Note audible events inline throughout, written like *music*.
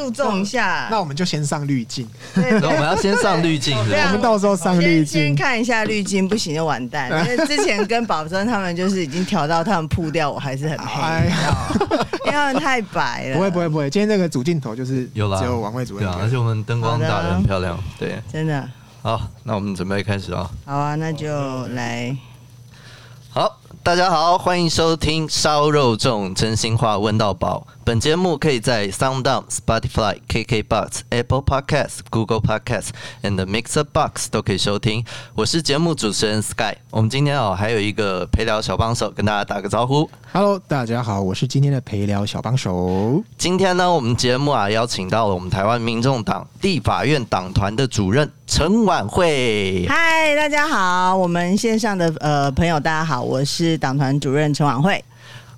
注重一下，那我們就先上濾鏡。 *laughs* 我們要先上濾鏡，我們到時候上濾鏡。先看一下濾鏡，不行就完蛋。 *laughs* 因為之前跟寶珍他們就是已經調到，他們撲掉我還是很黑， *laughs* 因為他們太白了。不會不會不會，今天這個主鏡頭就是有了，只有，有琬惠主任、啊、而且我們燈光打得很漂亮，對，真的。好，那我們準備開始啊。好啊，那就來、嗯。好，大家好，歡迎收聽燒肉粽真心話問到飽。本節目可以在 s o u n d d o w n Spotify、KKBox、Apple p o d c a s t Google p o d c a s t and the Mixer Box 都可以收聽。我是節目主持人 Sky。我們今天哦，還有一個陪聊小幫手跟大家打個招呼。Hello，大家好，我是今天的陪聊小幫手。今天呢，我們節目啊，邀請到了我們台灣民眾黨地法院黨團的主任陳婉慧。嗨，大家好，我們線上的呃朋友大家好，我是黨團主任陳婉慧。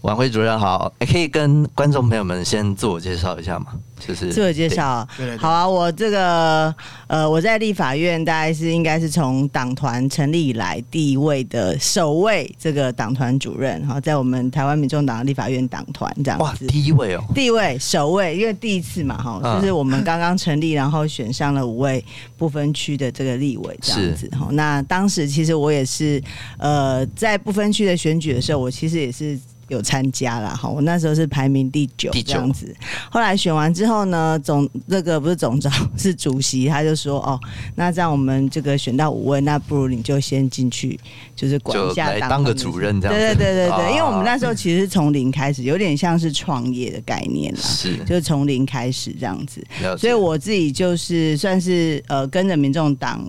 琬惠主任好，欸，可以跟觀眾朋友們先自我介紹一下嗎？就是自我介紹，好啊，我這個呃，我在立法院大概是應該是從黨團成立以來第一位的首位這個黨團主任哈，在我們台灣民眾黨立法院黨團這樣子，哇，第一位哦，第一位首位，因為第一次嘛哈，嗯，就是我們剛剛成立，然後選上了五位不分區的這個立委這樣子哈。那當時其實我也是呃，在不分區的選舉的時候，我其實也是。有參加了哈，我那時候是排名第九這樣子。後來選完之後呢，總那，這個不是總長，是主席，他就說哦，那這樣我們這個選到五位，那不如你就先進去，就是管下就來當個主任這樣子。對對對對對，啊，因為我們那時候其實是從零開始，有點像是創業的概念啦，是就是從零開始這樣子。所以我自己就是算是呃跟着民眾黨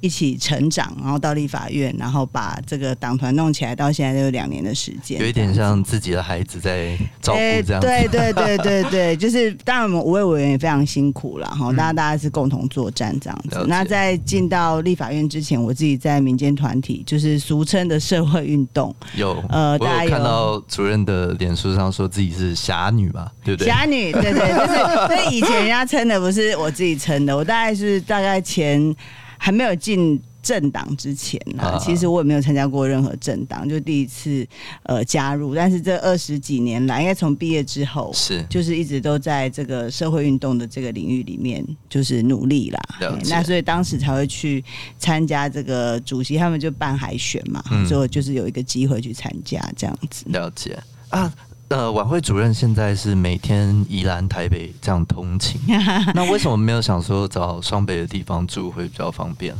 一起成長，然後到立法院，然後把這個黨團弄起來，到現在都有兩年的時間，有一點像自己的孩子在照顧這樣子，欸。對對對對對， *laughs* 就是當然我們五位委員也非常辛苦啦，哈、嗯，大家大家是共同作戰這樣子。那在進到立法院之前，嗯、我自己在民間團體，就是俗稱的社會運動有呃，我有看到主任的臉書上說自己是俠女嘛，對不對？俠女，對對，對，就 *laughs* 是所以以前人家稱的不是我自己稱的，我大概是大概前。還沒有進政黨之前、啊、其實我也沒有參加過任何政黨，就第一次呃加入。但是這二十幾年來，應該從畢業之後，是就是一直都在這個社會運動的這個領域裡面，就是努力啦。了解、欸、那所以當時才會去參加這個主席，他們就辦海選嘛，最、嗯、後就是有一個機會去參加這樣子。了解啊。呃，琬惠主任現在是每天宜蘭、台北這樣通勤， *laughs* 那為什麼沒有想說找雙北的地方住會比較方便？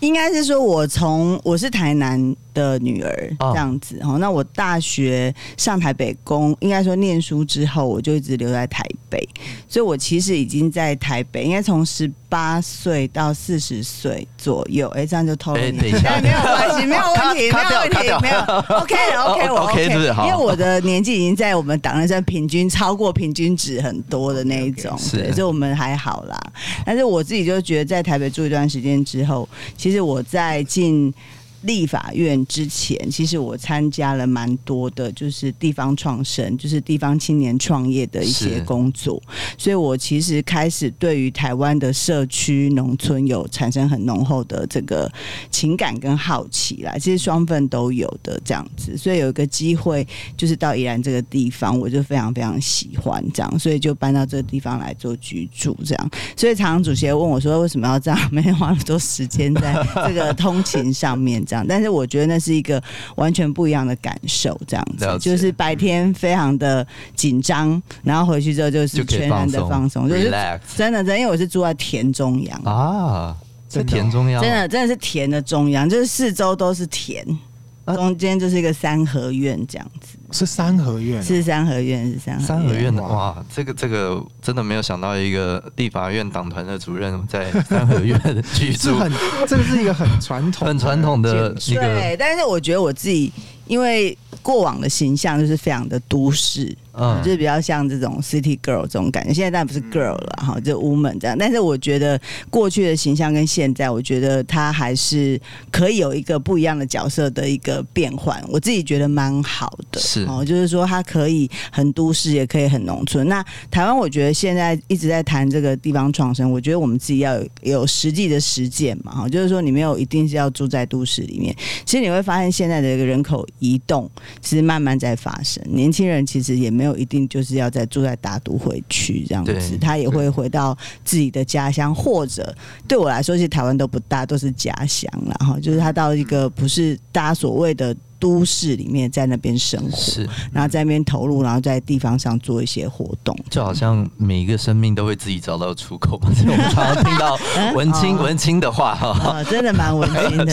應該是說我從，我從我是台南的女兒這樣子哈，哦、那我大學上台北工，應該說念書之後，我就一直留在台北，所以我其實已經在台北，應該從十八歲到四十歲左右，哎、欸，這樣就偷了你、欸、一下、欸，沒有關係，沒有問題，沒有問題，沒有，有 OK，OK，OK OK, OK, OK, OK，因為我的年紀已經在我們黨內算平均超過平均值很多的那一種，OK，對是我們還好啦。但是我自己就覺得，在台北住一段時間之後。其實我在進。立法院之前，其實我參加了蠻多的，就是地方創生，就是地方青年創業的一些工作，所以我其實開始對於台灣的社區、農村有產生很濃厚的這個情感跟好奇啦。其實雙份都有的這樣子，所以有一個機會就是到宜蘭這個地方，我就非常非常喜歡這樣，所以就搬到這個地方來做居住這樣。所以常常主席問我說，為什麼要這樣？每天花那麼多時間在這個通勤上面？這樣。但是我覺得那是一個完全不一樣的感受，這樣子就是白天非常的緊張，嗯，然後回去之後就是全然的放鬆，就是真的，真的，因為我是住在田中央啊，在田中央，真的真的是田的中央，就是四周都是田。中間就是一個三合院這樣子，是三合院，啊，是三合院，是三合院，三合院的話，這個這個真的沒有想到，一個立法院黨團的主任在三合院居住， *laughs* 是很 *laughs* 這個是一個很傳統的、很傳統的，對。但是我覺得我自己，因為過往的形象就是非常的都市。嗯，就是比較像這種 city girl 這種感覺，現在當然不是 girl 了哈，就 woman 這樣。但是我覺得過去的形象跟現在，我覺得她還是可以有一個不一樣的角色的一個變換。我自己覺得蠻好的，是哦，就是說她可以很都市，也可以很農村。那台灣，我覺得現在一直在談這個地方創生，我覺得我們自己要有，有實際的實踐嘛，哈，就是說你沒有一定是要住在都市裡面，其實你會發現現在的一個人口移動其實慢慢在發生，年輕人其實也沒。沒有一定就是要再住在大都會區這樣子，他也會回到自己的家鄉，或者對我來說，其實台灣都不大，都是家鄉，然後就是他到一個不是大家所謂的。都市裡面在那邊生活是，然後在那邊投入，然後在地方上做一些活動，就好像每一個生命都會自己找到出口吧。 *laughs* 所以我們常常聽到文青文青的話，哈、 *laughs* 哦哦哦哦，真的蠻文青的。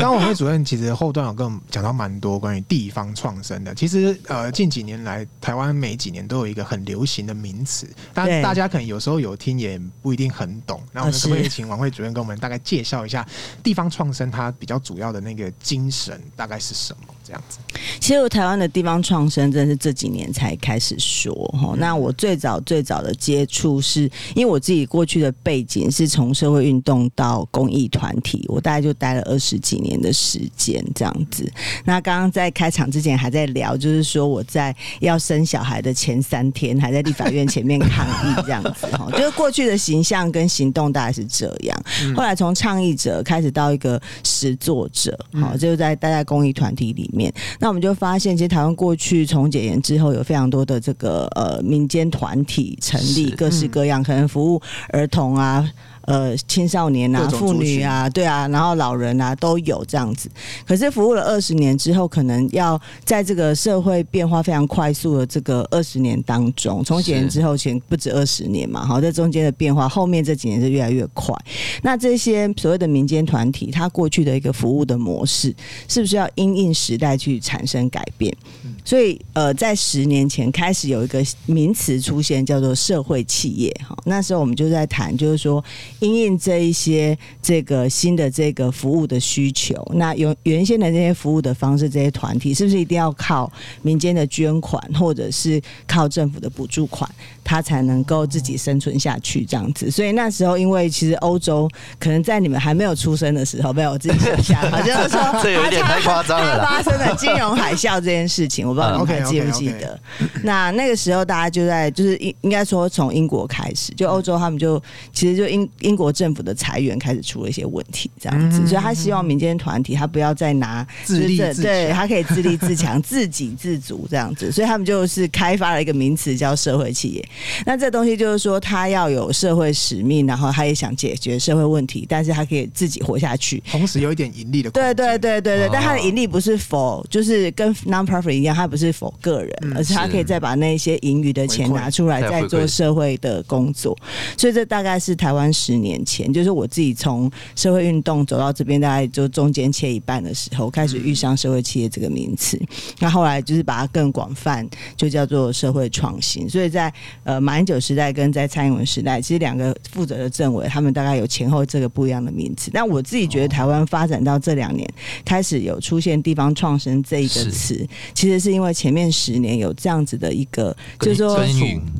剛剛琬惠主任其實後段有跟我們講到蠻多關於地方創生的。其實呃，近幾年來台灣每幾年都有一個很流行的名詞，但大家可能有時候有聽也不一定很懂。那我們可不可以請琬惠主任跟我們大概介紹一下地方創生它比較主要的那個精神大概是什麼？這樣子，其實我台灣的地方創生真的是這幾年才開始說哈。那我最早最早的接觸，是因為我自己過去的背景是從社會運動到公益團體，我大概就待了二十幾年的時間這樣子。那剛剛在開場之前還在聊，就是說我在要生小孩的前三天還在立法院前面抗議這樣子哈，就是過去的形象跟行動大概是這樣。後來從倡議者開始到一個實作者，好，就是在待在公益團體裡面。那我們就發現，其實台灣過去從解嚴之後，有非常多的這個呃民間團體成立，嗯，各式各樣，可能服務兒童啊。呃，青少年啊，婦女啊，對啊，然後老人啊，都有這樣子。可是服務了二十年之後，可能要在這個社會變化非常快速的這個二十年當中，從幾年之後前不止二十年嘛，好，這中間的變化，後面這幾年是越來越快。那這些所謂的民間團體，它過去的一個服務的模式，是不是要因應時代去產生改變？嗯、所以，呃，在十年前開始有一個名詞出現，叫做社會企業。哈，那時候我們就在談，就是說。應應這一些這個新的這個服務的需求，那用原先的這些服務的方式，這些團體是不是一定要靠民間的捐款，或者是靠政府的補助款，它才能夠自己生存下去這樣子？所以那時候，因為其實歐洲可能在你們還沒有出生的時候，被我自己下啊， *laughs* 就是說，這、 *laughs* 啊、有一點太誇張了、啊。發生的金融海嘯這件事情，我不知道 OK 記不記得？ *laughs* okay, okay, okay. 那那個時候，大家就在就是應應該說從英國開始，就歐洲他們就其實就英。英國政府的裁員開始出了一些問題，這樣子，所以他希望民間團體他不要再拿自立自，對他可以自立自強、 *laughs* 自給自足這樣子，所以他們就是開發了一個名詞叫社會企業。那這東西就是說，他要有社會使命，然後他也想解決社會問題，但是他可以自己活下去，同時有一點盈利的。對對對對對，哦、但他的盈利不是 for，就是跟 non-profit 一樣，他不是 for 個人，而是他可以再把那些盈餘的錢拿出來，再做社會的工作。所以這大概是台灣時。年前就是我自己從社會運動走到這邊，大概就中間切一半的時候，開始遇上社會企業這個名詞、嗯。那後來就是把它更廣泛，就叫做社會創新。所以在呃馬英九時代跟在蔡英文時代，其實兩個負責的政委，他們大概有前後這個不一樣的名詞。但我自己覺得，台灣發展到這兩年、哦、開始有出現地方創生這一個詞，其實是因為前面十年有這樣子的一個，是就是說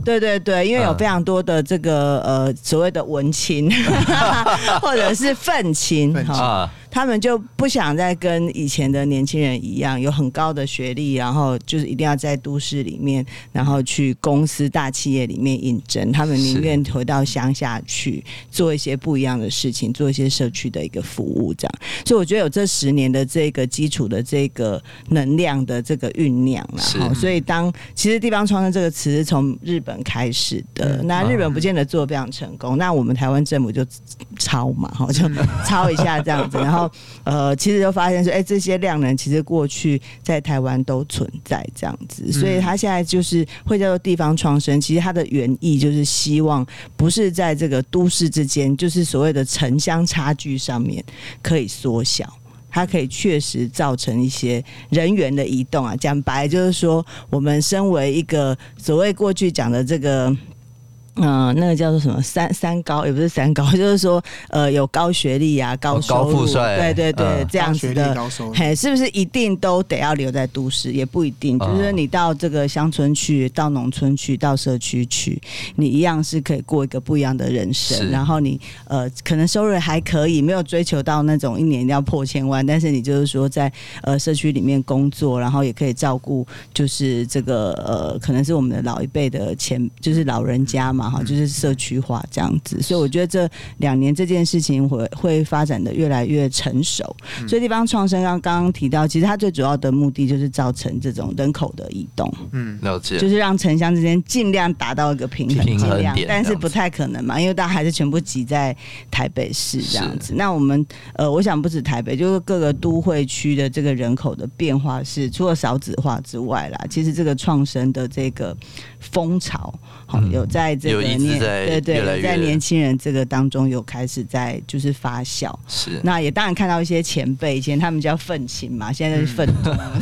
對對對，因為有非常多的這個、啊、呃所謂的文青。哈哈哈，或者是憤青，哈他們就不想再跟以前的年輕人一樣，有很高的學歷，然後就是一定要在都市裡面，然後去公司大企業裡面應徵。他們寧願回到鄉下去，做一些不一樣的事情，做一些社區的一個服務這樣。所以我覺得有這十年的這個基礎的這個能量的這個醞釀然後，所以當其實地方創生這個詞是從日本開始的，那日本不見得做非常成功，那我們台灣政府就抄嘛，就抄一下這樣子，然後。呃，其實就發現說，哎、欸，這些量能其實過去在台灣都存在這樣子，所以他現在就是會叫做地方創生，其實它的原意就是希望不是在這個都市之間，就是所謂的城鄉差距上面可以縮小，它可以確實造成一些人員的移動啊。講白就是說，我們身為一個所謂過去講的這個。嗯、呃，那個叫做什麼三三高，也不是三高，就是說呃，有高學歷啊，高收入高富帥，欸，對對對，嗯，這樣子的，高學歷高收入，嘿，是不是一定都得要留在都市？也不一定，就是說你到這個鄉村去，到農村去，到社區去，你一樣是可以過一個不一樣的人生。然後你呃，可能收入還可以，沒有追求到那種一年一定要破千萬，但是你就是說在呃社區裡面工作，然後也可以照顧，就是這個呃，可能是我們的老一輩的前，就是老人家嘛。嗯好，就是社區化這樣子，所以我覺得這兩年這件事情會會發展的越來越成熟。嗯、所以地方創生剛剛提到，其實它最主要的目的就是造成這種人口的移動，嗯，了解，就是讓城鄉之間盡量達到一個平衡，盡量，平衡點，但是不太可能嘛，因為大家還是全部擠在台北市這樣子。那我們呃，我想不止台北，就是各個都會區的這個人口的變化是除了少子化之外啦，其實這個創生的這個風潮好、嗯哦、有在這個。有在對對，對對，在年輕人這個當中有開始在就是發酵。是那也當然看到一些前輩，以前他們叫憤青嘛，現在是憤就是分、嗯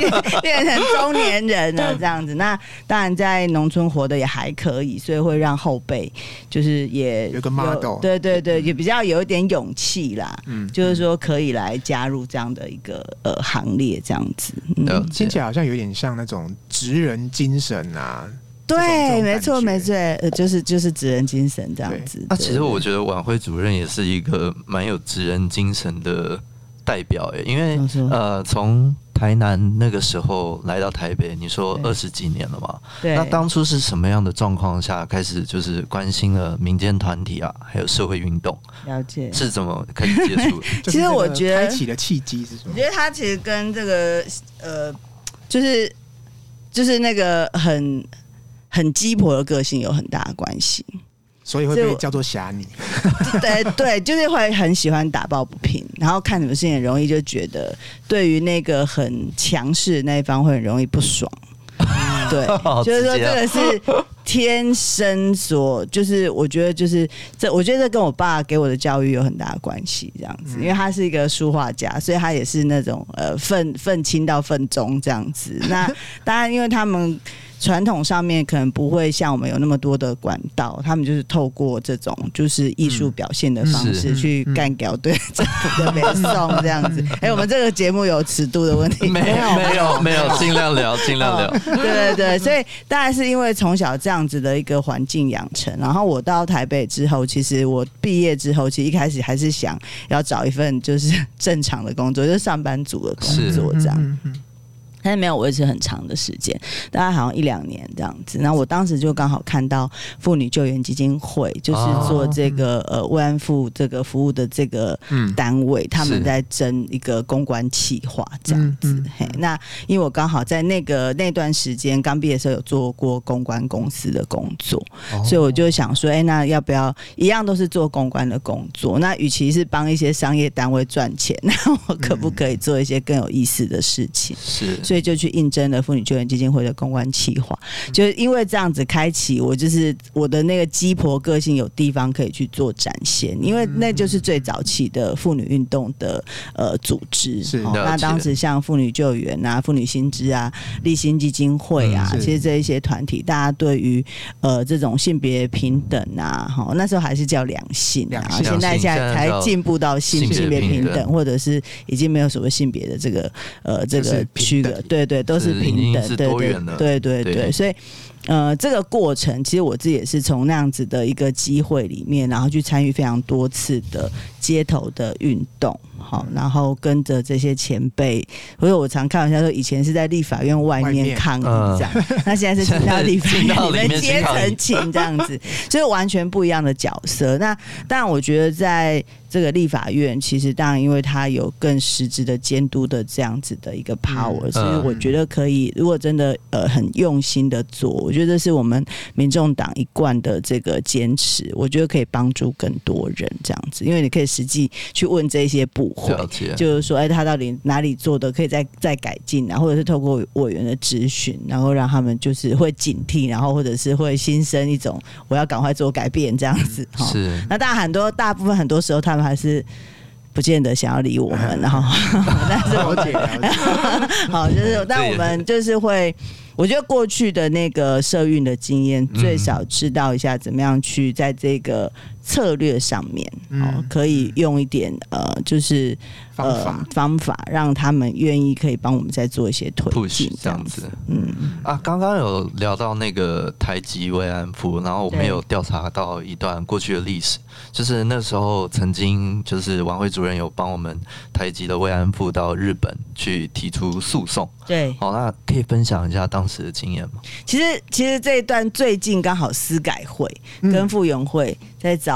就是、 *laughs* 變成中年人了、啊、這樣子。那當然在農村活的也還可以，所以會讓後輩就是也有，有個 model，對對對，也比較有一點勇氣啦。嗯，就是說可以來加入這樣的一個呃行列這樣子。嗯，聽起來好像有點像那種職人精神啊。對，沒錯，沒錯、呃，就是就是職人精神這樣子啊。其實我覺得琬惠主任也是一個蠻有職人精神的代表耶，因為呃，從台南那個時候來到台北，你說二十幾年了嘛對？對。那當初是什麼樣的狀況下開始就是關心了民間團體啊，還有社會運動？了解是怎麼開始接觸？ *laughs* 那個、 *laughs* 其實我覺得開啟的契機是什麼？我覺得他其實跟這個呃，就是就是那個很。很雞婆的個性有很大的關係，所以會被叫做俠女。對對，就是會很喜歡打抱不平，然後看什麼事情很容易就覺得，對於那個很強勢的那一方會很容易不爽。嗯、對、啊，就是說這個是天生所，就是我覺得就是這，我覺得這跟我爸給我的教育有很大的關係，這樣子、嗯，因為他是一個書畫家，所以他也是那種呃，憤憤青到憤中這樣子。那當然，因為他們。傳統上面可能不會像我們有那麼多的管道，他們就是透過這種就是藝術表現的方式去幹掉對政府的北送這樣子。哎、欸，我們這個節目有尺度的問題，沒有沒有沒有，盡量聊盡量聊。量聊 *laughs* 對對對，所以大概是因為從小這樣子的一個環境養成，然後我到台北之後，其實我畢業之後，其實一開始還是想要找一份就是正常的工作，就是上班族的工作這樣。是嗯嗯嗯但是沒有維持很長的時間，大概好像一兩年這樣子。那我當時就剛好看到婦女救援基金會，就是做這個、哦嗯、呃慰安婦這個服務的這個單位，嗯、他們在徵一個公關企劃這樣子、嗯嗯嘿。那因為我剛好在那個那段時間剛畢業的時候有做過公關公司的工作，哦、所以我就想說，哎、欸，那要不要一樣都是做公關的工作？那與其是幫一些商業單位賺錢，那我可不可以做一些更有意思的事情？嗯、是，所以就去應徵了婦女救援基金會的公關企劃，就是因為這樣子開啟，我就是我的那個雞婆個性有地方可以去做展現，因為那就是最早期的婦女運動的呃組織是、喔，那當時像婦女救援啊、婦女新知啊、立新基金會啊、嗯，其實這一些團體，大家對於呃這種性別平等啊，哈、喔，那時候還是叫兩性，啊、性，啊，現在現在才才進步到性性別平，平等，或者是已經沒有什麼性別的這個呃這，這個區隔。對，對對，都是平等，對對對對對，對，對。所以，呃，這個過程其實我自己也是從那樣子的一個機會裡面，然後去參與非常多次的街頭的運動。好，然後跟着這些前輩，所以我常開玩笑說，以前是在立法院外面抗議這樣，呃、那現在是進到立法院裡面接陳情這樣子，就是完全不一樣的角色。那但我覺得，在這個立法院，其實當然因為他有更實質的監督的這樣子的一個 power，嗯、所以我覺得可以，如果真的呃很用心的做，我覺得這是我們民眾黨一貫的這個堅持，我覺得可以幫助更多人這樣子，因為你可以實際去問這些不。就是說，哎、欸，他到底哪裡做的可以再再改進，啊，然後或者是透過委員的質詢，然後讓他們就是會警惕，然後或者是會心生一種我要趕快做改變這樣子哈。是。那大很多大部分很多時候他們還是不見得想要理我們，然後，但是我覺得，解解 *laughs* 好，就是但我們就是會，我覺得過去的那個社運的經驗，嗯，最少知道一下怎麼樣去在這個。策略上面，哦，可以用一點呃，就是呃方法，呃、方法讓他們願意可以幫我們再做一些推行，push, 這樣子。嗯啊，剛剛有聊到那個台籍慰安婦，然後我們有調查到一段過去的歷史，就是那時候曾經就是琬惠主任有幫我們台籍的慰安婦到日本去提出訴訟。對，好，那可以分享一下當時的經驗嗎？其實，其實這一段最近剛好司改會跟婦援會在找。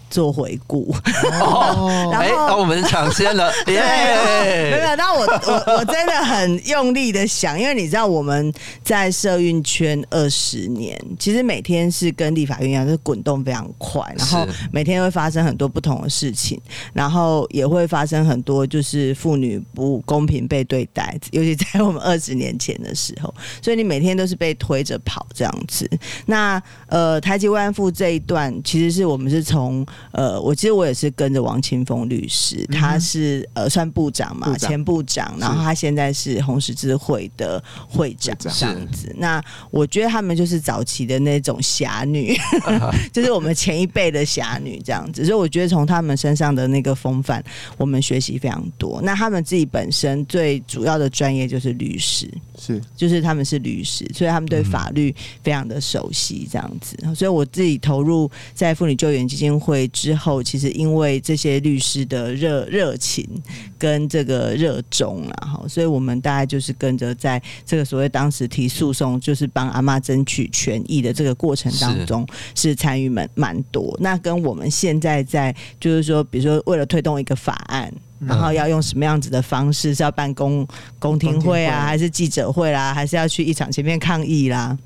做回顧，哦、 *laughs* 然後那、欸、我們搶先了， *laughs* 對，欸、 *laughs* 沒有。那我 *laughs* 我我真的很用力的想，因為你知道我們在社運圈二十年，其實每天是跟立法院一樣，就是滾動非常快，然後每天會發生很多不同的事情，然後也會發生很多就是婦女不公平被對待，尤其在我們二十年前的時候，所以你每天都是被推着跑這樣子。那呃，台籍慰安婦這一段，其實是我們是從。呃，我其實我也是跟着王清峰律師，嗯、他是呃算部長嘛，部長，前部長，然後他現在是紅十字會的會長這樣子。那我覺得他們就是早期的那種俠女，是 *laughs* 就是我們前一輩的俠女這樣子。所以我覺得從他們身上的那個風範，我們學習非常多。那他們自己本身最主要的專業就是律師，是，就是他們是律師，所以他們對法律非常的熟悉這樣子。嗯、所以我自己投入在婦女救援基金會。之後，其實因為這些律師的熱熱情跟這個熱衷，然後所以我們大概就是跟着在這個所謂當時提訴訟，就是幫阿嬤爭取權益的這個過程當中，是參與蠻蠻多。那跟我們現在在就是說，比如說為了推動一個法案，嗯、然後要用什麼樣子的方式，是要辦公公聽會啊，公聽會，還是記者會啦、啊，還是要去一場前面抗議啦？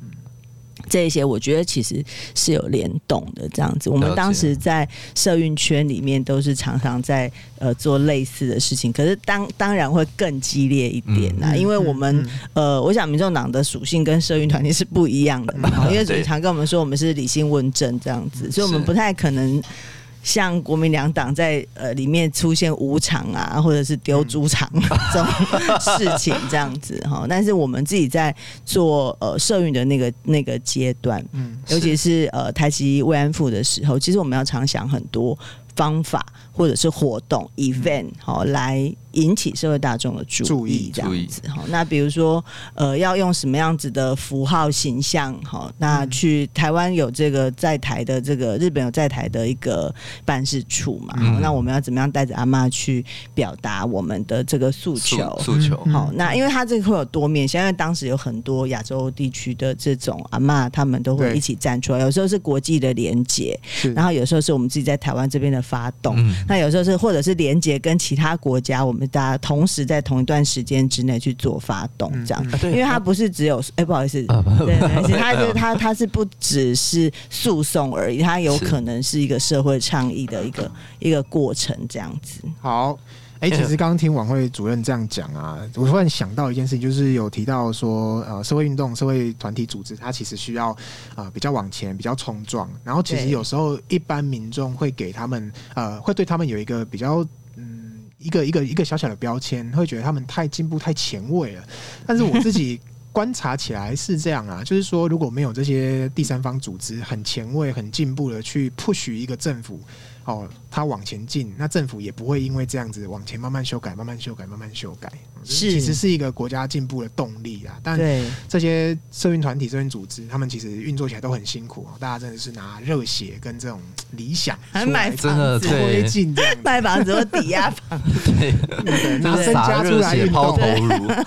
這一些我覺得其實是有聯動的，這樣子。我們當時在社運圈裡面都是常常在呃做類似的事情，可是當當然會更激烈一點啦。因為我們呃，我想民眾黨的屬性跟社運團體是不一樣的嘛，因為主席常跟我們說，我們是理性問政這樣子，所以我們不太可能。像國民兩黨在呃裡面出現武場啊，或者是丟豬場、啊嗯、這種事情這樣子哈， *laughs* 但是我們自己在做呃社運的那個那個階段，嗯，尤其是呃台籍慰安婦的時候，其實我們要常想很多方法，或者是活動 event 好來引起社會大眾的注意這樣子哈。那比如說呃，要用什麼樣子的符號形象、嗯、那去台灣有這個在台的這個日本有在台的一個辦事處嘛？嗯、那我們要怎麼樣帶着阿嬤去表達我們的這個訴求訴求、嗯？好，那因為它這個會有多面向，因為當時有很多亞洲地區的這種阿嬤，他們都會一起站出來。有時候是國際的連結，然後有時候是我們自己在台灣這邊的發動。嗯那有時候是，或者是連接跟其他國家，我們大家同時在同一段時間之內去做發動這樣、嗯嗯，因為它不是只有，哎、欸嗯，不好意思，對，它就是它它是不只是訴訟而已，它有可能是一個社會倡議的一個一個過程這樣子。好。哎、欸，其實剛剛聽琬惠主任這樣講啊，我突然想到一件事情，就是有提到說，呃，社會運動、社會團體組織，它其實需要比較往前、比較衝撞，然後其實有時候一般民眾會給他們，呃，會對他們有一個比較，嗯，一個一個一個小小的標籤，會覺得他們太進步、太前衛了。但是我自己觀察起來是這樣啊， *laughs* 就是說如果沒有這些第三方組織很，很前衛、很進步的去 push 一個政府。哦，他往前進，那政府也不會因為這樣子往前慢慢修改、慢慢修改、慢慢修改，是、嗯、其實是一個國家進步的動力啊。但這些社運團體、社運組織，他們其實運作起來都很辛苦。大家真的是拿熱血跟這種理想來還買房子、推進、賣房子或抵押房，對，家熱、 *laughs* 就是、血、拋頭顱。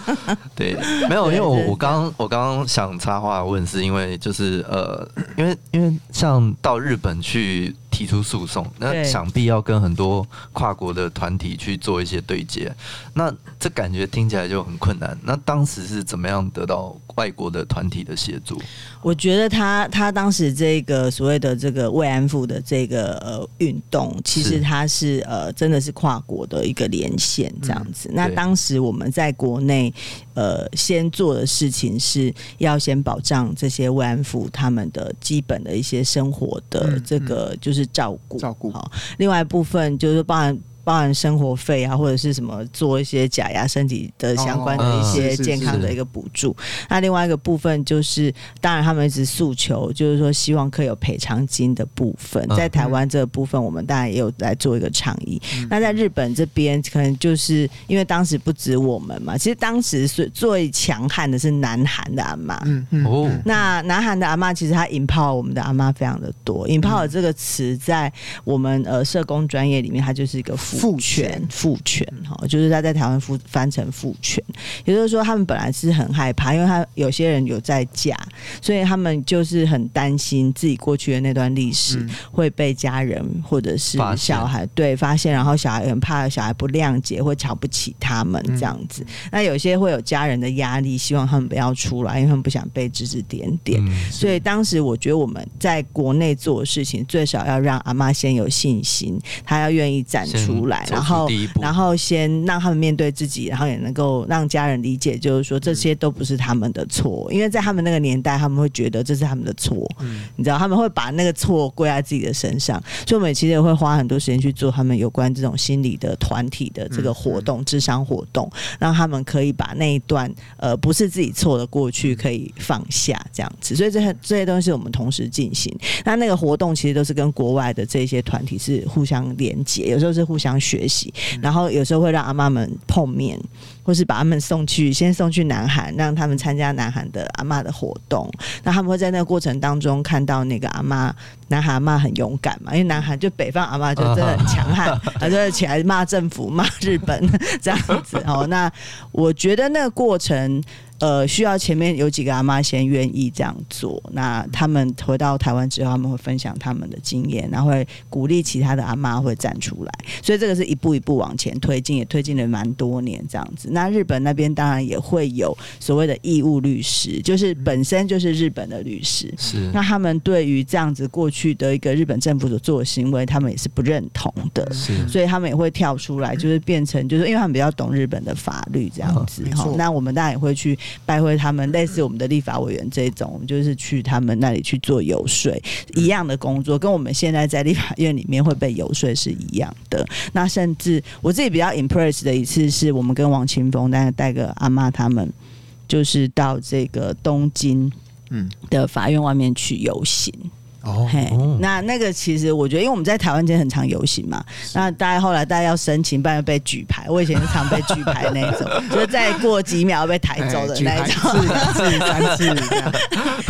對，沒有，因為我剛剛我剛我剛剛想插話問，是因為就是呃，因為因為像到日本去。提出訴訟，那想必要跟很多跨國的團體去做一些對接，那這感覺聽起來就很困難。那當時是怎麼樣得到外國的團體的協助？我覺得他他當時這個所謂的這個慰安婦的這個呃運動，其實他是，是呃真的是跨國的一個連線這樣子。嗯，那當時我們在國內。呃，先做的事情是要先保障這些慰安婦他們的基本的一些生活的這個就是照顧，嗯嗯，照顧。好，哦，另外一部分就是包含。包含生活費啊，或者是什麼，做一些假牙、身體的相關的一些健康的一個補助，哦啊。那另外一個部分就是，當然他們一直訴求就是說，希望可以有賠償金的部分。在台灣這個部分，我們當然也有來做一個倡議。嗯、那在日本這邊，可能就是因為當時不止我們嘛，其實當時是最強悍的是南韓的阿媽。嗯、哦、嗯，那南韓的阿媽其實他引爆我們的阿媽非常的多。引爆的這個詞在我們呃社工專業裡面，它就是一個副。父權，父權，哈，就是他在台灣翻成父權，也就是說，他們本來是很害怕，因為他有些人有在嫁，所以他們就是很擔心自己過去的那段歷史會被家人或者是小孩、嗯、對發現，然後小孩很怕小孩不諒解或瞧不起他們這樣子。嗯、那有些會有家人的壓力，希望他們不要出來，因為他們不想被指指點點。嗯、所以當時我覺得我們在國內做的事情，最少要讓阿媽先有信心，她要願意站出來。來，然後然後先讓他們面對自己，然後也能夠讓家人理解，就是說這些都不是他們的錯、嗯，因為在他們那個年代，他們會覺得這是他們的錯、嗯，你知道他們會把那個錯歸在自己的身上，所以我們也其實也會花很多時間去做他們有關這種心理的團體的這個活動、諮、嗯、商活動，讓他們可以把那一段呃不是自己錯的過去可以放下這樣子，所以這些這些東西我們同時進行，那那個活動其實都是跟國外的這些團體是互相連結，有時候是互相連結。學習，然後有時候會讓阿媽們碰面，或是把他們送去先送去南韓，讓他們參加南韓的阿媽的活動。那他們會在那個過程當中看到那個阿媽，南韓阿媽很勇敢嘛，因為南韓就北方阿媽就真的很強悍，他就, Uh-huh. 起來罵政府、罵日本這樣子哦。那我覺得那個過程。呃，需要前面有幾個阿媽先願意這樣做，那他們回到台灣之後，他們會分享他們的經驗，然後會鼓勵其他的阿媽會站出來，所以這個是一步一步往前推進，也推進了蠻多年這樣子。那日本那邊當然也會有所謂的義務律師，就是本身就是日本的律師，是，那他們對於這樣子過去的一個日本政府所做的行為，他們也是不認同的，是，所以他們也會跳出來，就是變成就是因為他們比較懂日本的法律這樣子哈、哦。好，那我們當然也會去。拜會他們，類似我們的立法委員這種，就是去他們那裡去做遊說一樣的工作，跟我們現在在立法院裡面會被遊說是一樣的。那甚至我自己比較 impressed 的一次，是我們跟王清峰，帶個阿媽他們，就是到這個東京嗯的法院外面去遊行。哦、嘿，那那個其實我覺得，因為我們在台灣今天很常遊行嘛，那大家後來大家要申請，不然被舉牌。我以前是常被舉牌那一種， *laughs* 就是再過幾秒被抬走的那一種。是是是。這樣子 *laughs* 這樣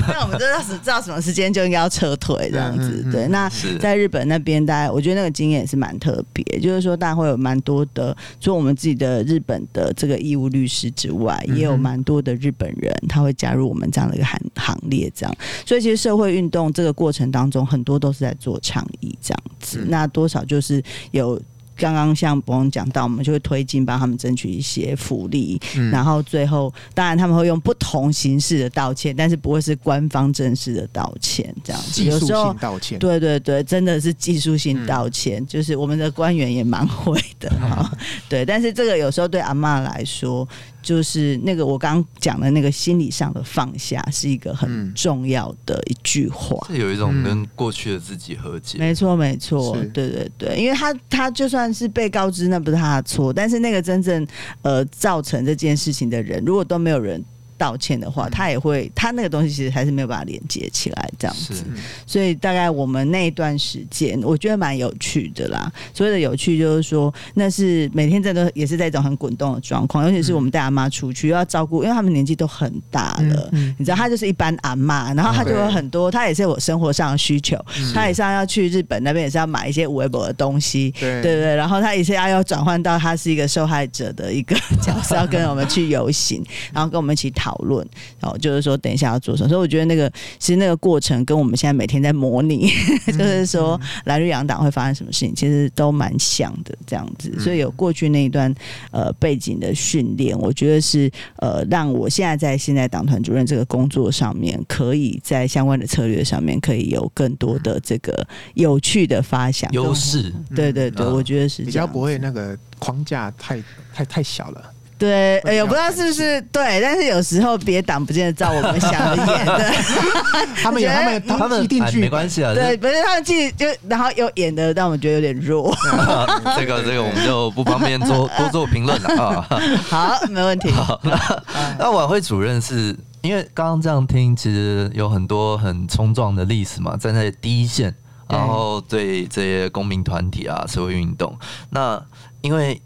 *laughs* 那我們知道時知道什麼時間就應該要撤退這樣子。對。對對，那在日本那邊，大家我覺得那個經驗也是蠻特別，就是說大家會有蠻多的，除了我們自己的日本的這個義務律師之外，嗯、也有蠻多的日本人他會加入我們這樣的一個行行列這樣。所以其實社會運動這個過程，當中很多都是在做倡議這樣子，嗯、那多少就是有剛剛像伯翁講到，我們就會推進，幫他們爭取一些福利，嗯、然後最後當然他們會用不同形式的道歉，但是不會是官方正式的道歉這樣子。有時候道歉，對，對對對，真的是技術性道歉，嗯，就是我們的官員也蠻會的哈。嗯、 *laughs* 對，但是這個有時候對阿嬤來說。就是那個我剛剛講的那個心理上的放下，是一個很重要的一句話。嗯、是有一種跟過去的自己和解。嗯、沒錯，沒錯，對對對，因為他他就算是被告知那不是他的錯，但是那個真正呃造成這件事情的人，如果都沒有人。道歉的話，他也會，他那個東西其實還是沒有辦法連接起來，這樣子、嗯。所以大概我們那一段時間，我覺得蠻有趣的啦。所謂的有趣，就是說那是每天真的也是在一種很滾動的狀況，尤其是我們帶阿媽出去又要照顧，因為他們年紀都很大了、嗯嗯。你知道，他就是一般阿媽，然後他就有很多，okay. 他也是有生活上的需求。嗯、他也是要去日本那邊，也是要買一些維博的東西，對，對對對。然後他也是要要轉換到他是一個受害者的一個角色， *laughs* 要跟我們去遊行，然後跟我們一起談。討論，然後就是說，等一下要做什麼。所以我覺得那個，其實那個過程跟我們現在每天在模擬、嗯，就是說藍綠兩黨會發生什麼事情，其實都蠻像的這樣子。所以有過去那一段呃背景的訓練，我覺得是呃讓我現在在現在黨團主任這個工作上面，可以在相關的策略上面可以有更多的這個有趣的發想，優勢。對對對，嗯、我覺得是比較不會那個框架太太太小了。對，哎呦、欸，不知道是不是，是，不是對，但是有時候別黨不見得照我們想的演，對 *laughs* *laughs* *laughs* 他們有，他們有、嗯、他們他們定劇、哎、沒關係啊，對，是不是他們記就然後有演的，但我覺得有點弱。 *laughs* 這個這個我們就不方便做 *laughs* 多做評論了啊。好，沒問題。好啊那，啊、那琬惠主任是因為剛剛這樣聽，其實有很多很衝撞的歷史嘛，站在第一線，然後對這些公民團體啊、社會運動，、啊、動，那因為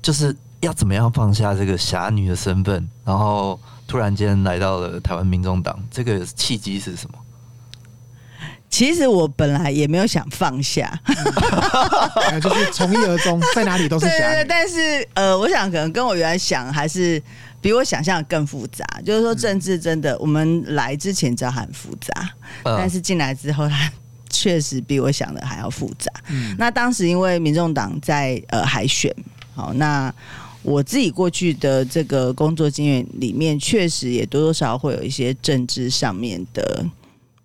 就是。要怎麼樣放下這個俠女的身份，然後突然間來到了台灣民眾黨，這個契機是什麼？其實我本來也沒有想放下，嗯， *laughs* *laughs* *laughs* *laughs* 就是從一而終，在哪裡都是俠女。對對。但是呃，我想可能跟我原來想還是比我想象的更複雜。就是說政治真的，嗯、我們來之前知道很複雜，但是進來之後，它確實比我想的還要複雜。嗯。那當時因為民眾黨在呃海選，好、喔、那。我自己過去的這個工作經驗裡面，確實也多多少少會有一些政治上面的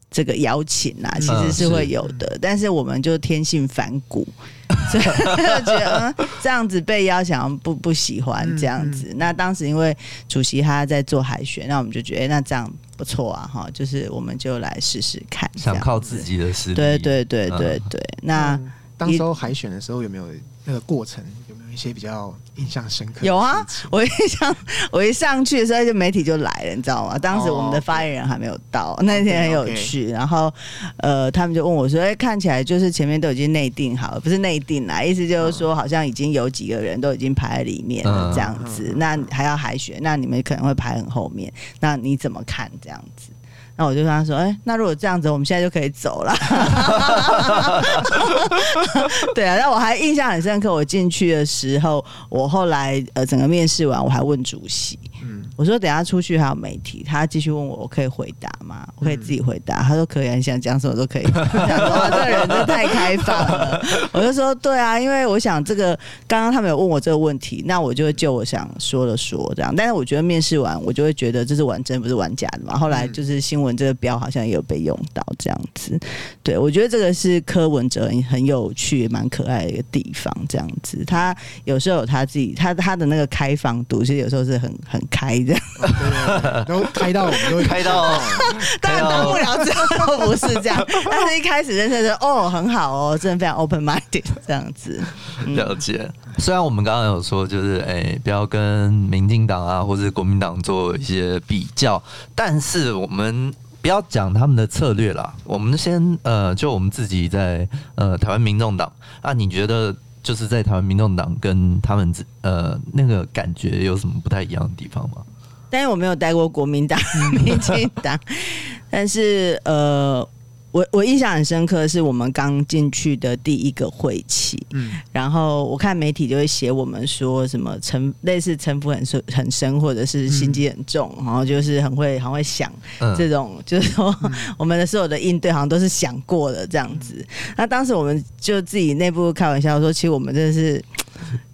這個邀請啊，其實是會有的。嗯、但是我們就天性反骨， *laughs* 所以覺得、嗯、這樣子被邀請不不喜歡這樣子、嗯嗯。那當時因為主席他在做海選，那我們就覺得、欸、那這樣不錯啊，哈，就是我們就來試試看這樣，想靠自己的實力。對對對對對對、嗯。那當時候海選的時候有沒有那個過程？一些比較印象深刻，有啊，我一上我一上去的時候，就媒體就來了，你知道嗎？當時我們的發言人還沒有到，哦、okay, 那天很有趣 okay, okay。然後，呃，他們就問我說：“哎、欸，看起來就是前面都已經內定好了，不是內定啦，意思就是說好像已經有幾個人都已經排在裡面了這樣子、嗯嗯。那還要海選，那你們可能會排很後面。那你怎麼看這樣子？”那我就跟他說：“哎、欸，那如果這樣子，我們現在就可以走了。 *laughs* ” *laughs* 對啊，那我還印象很深刻。我進去的時候，我後來呃整個面試完，我還問主席。嗯我說等下出去還有媒體，他繼續問我，我可以回答嗎？我可以自己回答。嗯、他說可以，你想講什麼都可以。他 *laughs* 這個、人真太開放了。 *laughs* 我就說對啊，因為我想這個剛剛他沒有問我這個問題，那我就會就我想說的說這樣。但是我覺得面試完我就會覺得這是玩真不是玩假的嘛。後來就是新聞這個標好像也有被用到這樣子。對，我覺得這個是柯文哲很有趣、蠻可愛的一個地方。這樣子，他有時候有他自己，他他的那個開放度其實有時候是很很開的。對對對都開到，我們都會開到、哦，當然當不了這、哦、都不是這樣。但是一開始認識是哦，很好哦，真的非常 open minded 這樣子。嗯、了解。雖然我們剛剛有說，就是哎，不要跟民進黨啊或是國民黨做一些比較，但是我們不要講他們的策略啦。我們先呃，就我們自己在呃台灣民眾黨啊，你覺得就是在台灣民眾黨跟他們呃那個感覺有什麼不太一樣的地方嗎？但是我沒有待過國民黨、 *laughs* 民進黨，但是呃，我我印象很深刻的是，我們剛進去的第一個會期，嗯，然後我看媒體就會寫我們說什麼城，類似城府很深，很深，或者是心機很重，然、嗯、後就是很會很會想這種、嗯，就是說我們的所有的應對好像都是想過的這樣子。嗯、那當時我們就自己內部開玩笑說，其實我們真的是。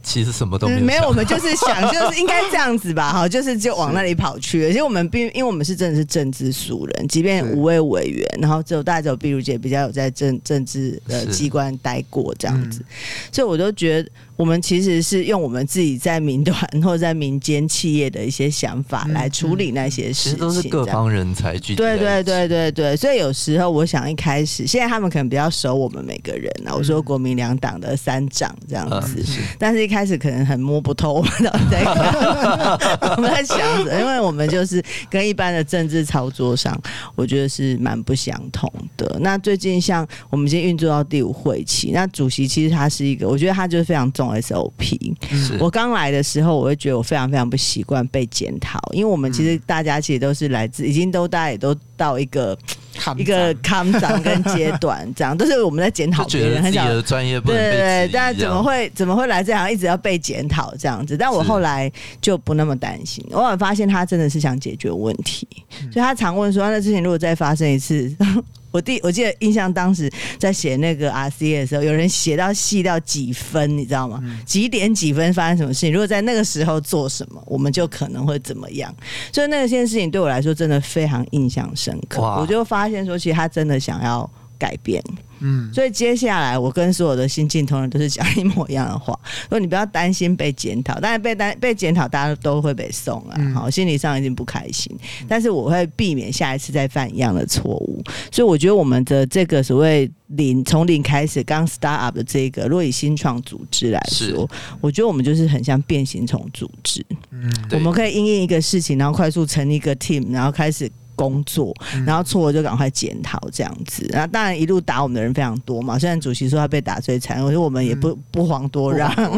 其實什麼都沒有、嗯，沒有，我們就是想，就是應該這樣子吧，哈， *laughs* 就是就往那裡跑去。而且我們並因為我們是真的是政治素人，即便五位委員，然後只有大家只有壁如姐比較有在政政治的呃機關待過這樣子，嗯、所以我都覺得。我們其實是用我們自己在民團或在民間企業的一些想法來處理那些事情。嗯嗯，其實都是各方人才聚集。對，對對對對對，所以有時候我想一開始，現在他們可能比較熟我們每個人了。我說國民兩黨的三長這樣子，嗯，但是一開始可能很摸不透我。啊、 *laughs* 我們在想，因為我們就是跟一般的政治操作上，我覺得是蠻不相同的。那最近像我們今天運作到第五會期，那主席其實他是一個，我覺得他就是非常重要 SOP，我剛來的時候，我會覺得我非常非常不習慣被檢討，因為我們其實大家其實都是來自，已經都大家也都到一個上一個康長跟階段，這樣 *laughs* 都是我們在檢討別人，很覺得自己的專業不對，對對，但怎麼會怎麼會來這樣，一直要被檢討這樣子？但我後來就不那麼擔心，偶爾發現他真的是想解決問題，嗯、所以他常問說：“啊、那之前如果再發生一次？” *laughs* 我第我記得印象，當時在寫那個 RCA 的時候，有人寫到細到幾分，你知道嗎？幾點幾分發生什麼事情？如果在那個時候做什麼，我們就可能會怎麼樣？所以那個件事情對我來說真的非常印象深刻。我就發現說，其實他真的想要。改變，嗯，所以接下來我跟所有的新進同仁都是講一模一樣的話，說你不要擔心被檢討，但是被擔被檢討，大家都會被送啊，嗯、好，心理上一定不開心，但是我會避免下一次再犯一樣的錯誤，所以我覺得我們的這個所謂零從零開始剛 start up 的這個若以新創組織來說，我覺得我們就是很像變形蟲組織，嗯，我們可以因應一個事情，然後快速成立一個 team，然後開始。工作，然後錯了就趕快檢討這樣子。然後當然一路打我們的人非常多嘛。雖然主席說他被打最慘，我覺得我們也不、嗯、不遑多讓。多讓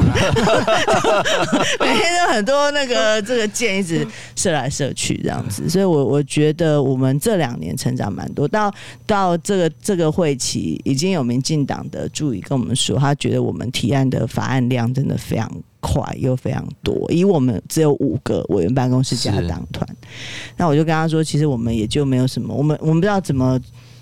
*laughs* *laughs* 每天都很多那個這個箭一直射來射去這樣子，所以我我覺得我們這兩年成長蠻多。到到這個這個會期，已經有民進黨的助理跟我們說，他覺得我們提案的法案量真的非常高。快又非常多，以我們只有五個委員辦公室加黨團，那我就跟他說，其實我們也就沒有什麼，我們我們不知道怎麼，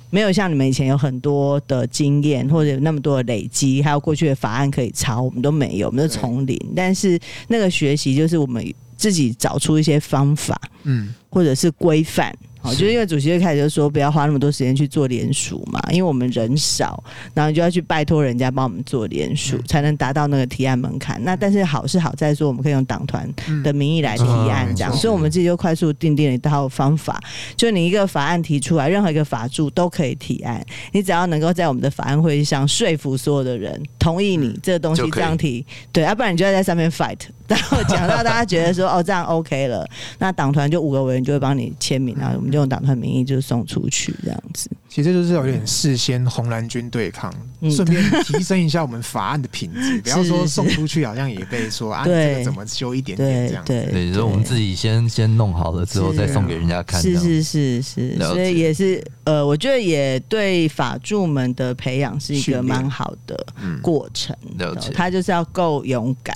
沒有像你們以前有很多的經驗或者有那麼多的累積，還有過去的法案可以抄，我們都沒有，我們是從零，但是那個學習就是我們自己找出一些方法，嗯，或者是規範。就是因為主席一開始就說不要花那麼多時間去做聯署嘛，因為我們人少，然後你就要去拜托人家幫我們做聯署、嗯，才能達到那個提案門檻。那但是好是好，在說我們可以用黨團的名義來提案這樣、嗯啊，所以我們自己就快速訂定了一套方法，嗯、就你一個法案提出來，任何一個法助都可以提案，你只要能夠在我們的法案會議上說服所有的人同意你、嗯、這個東西這樣提，對，要、啊、不然你就要在上面 fight。然後講到大家覺得說 *laughs* 哦這樣 OK 了，那黨團就五個委員就會幫你簽名，然後我們就。用黨團名義就送出去這樣子，其實就是有點事先紅藍軍對抗，順、嗯、便提升一下我們法案的品質。不 *laughs* 要說送出去，好像也被說對啊，這個怎麼修一點點這樣子。對，所以我們自己先先弄好了之後、啊、再送給人家看。是是是是，所以也是呃，我覺得也對法助們的培養是一個蠻好的過程。嗯、他就是要夠勇敢，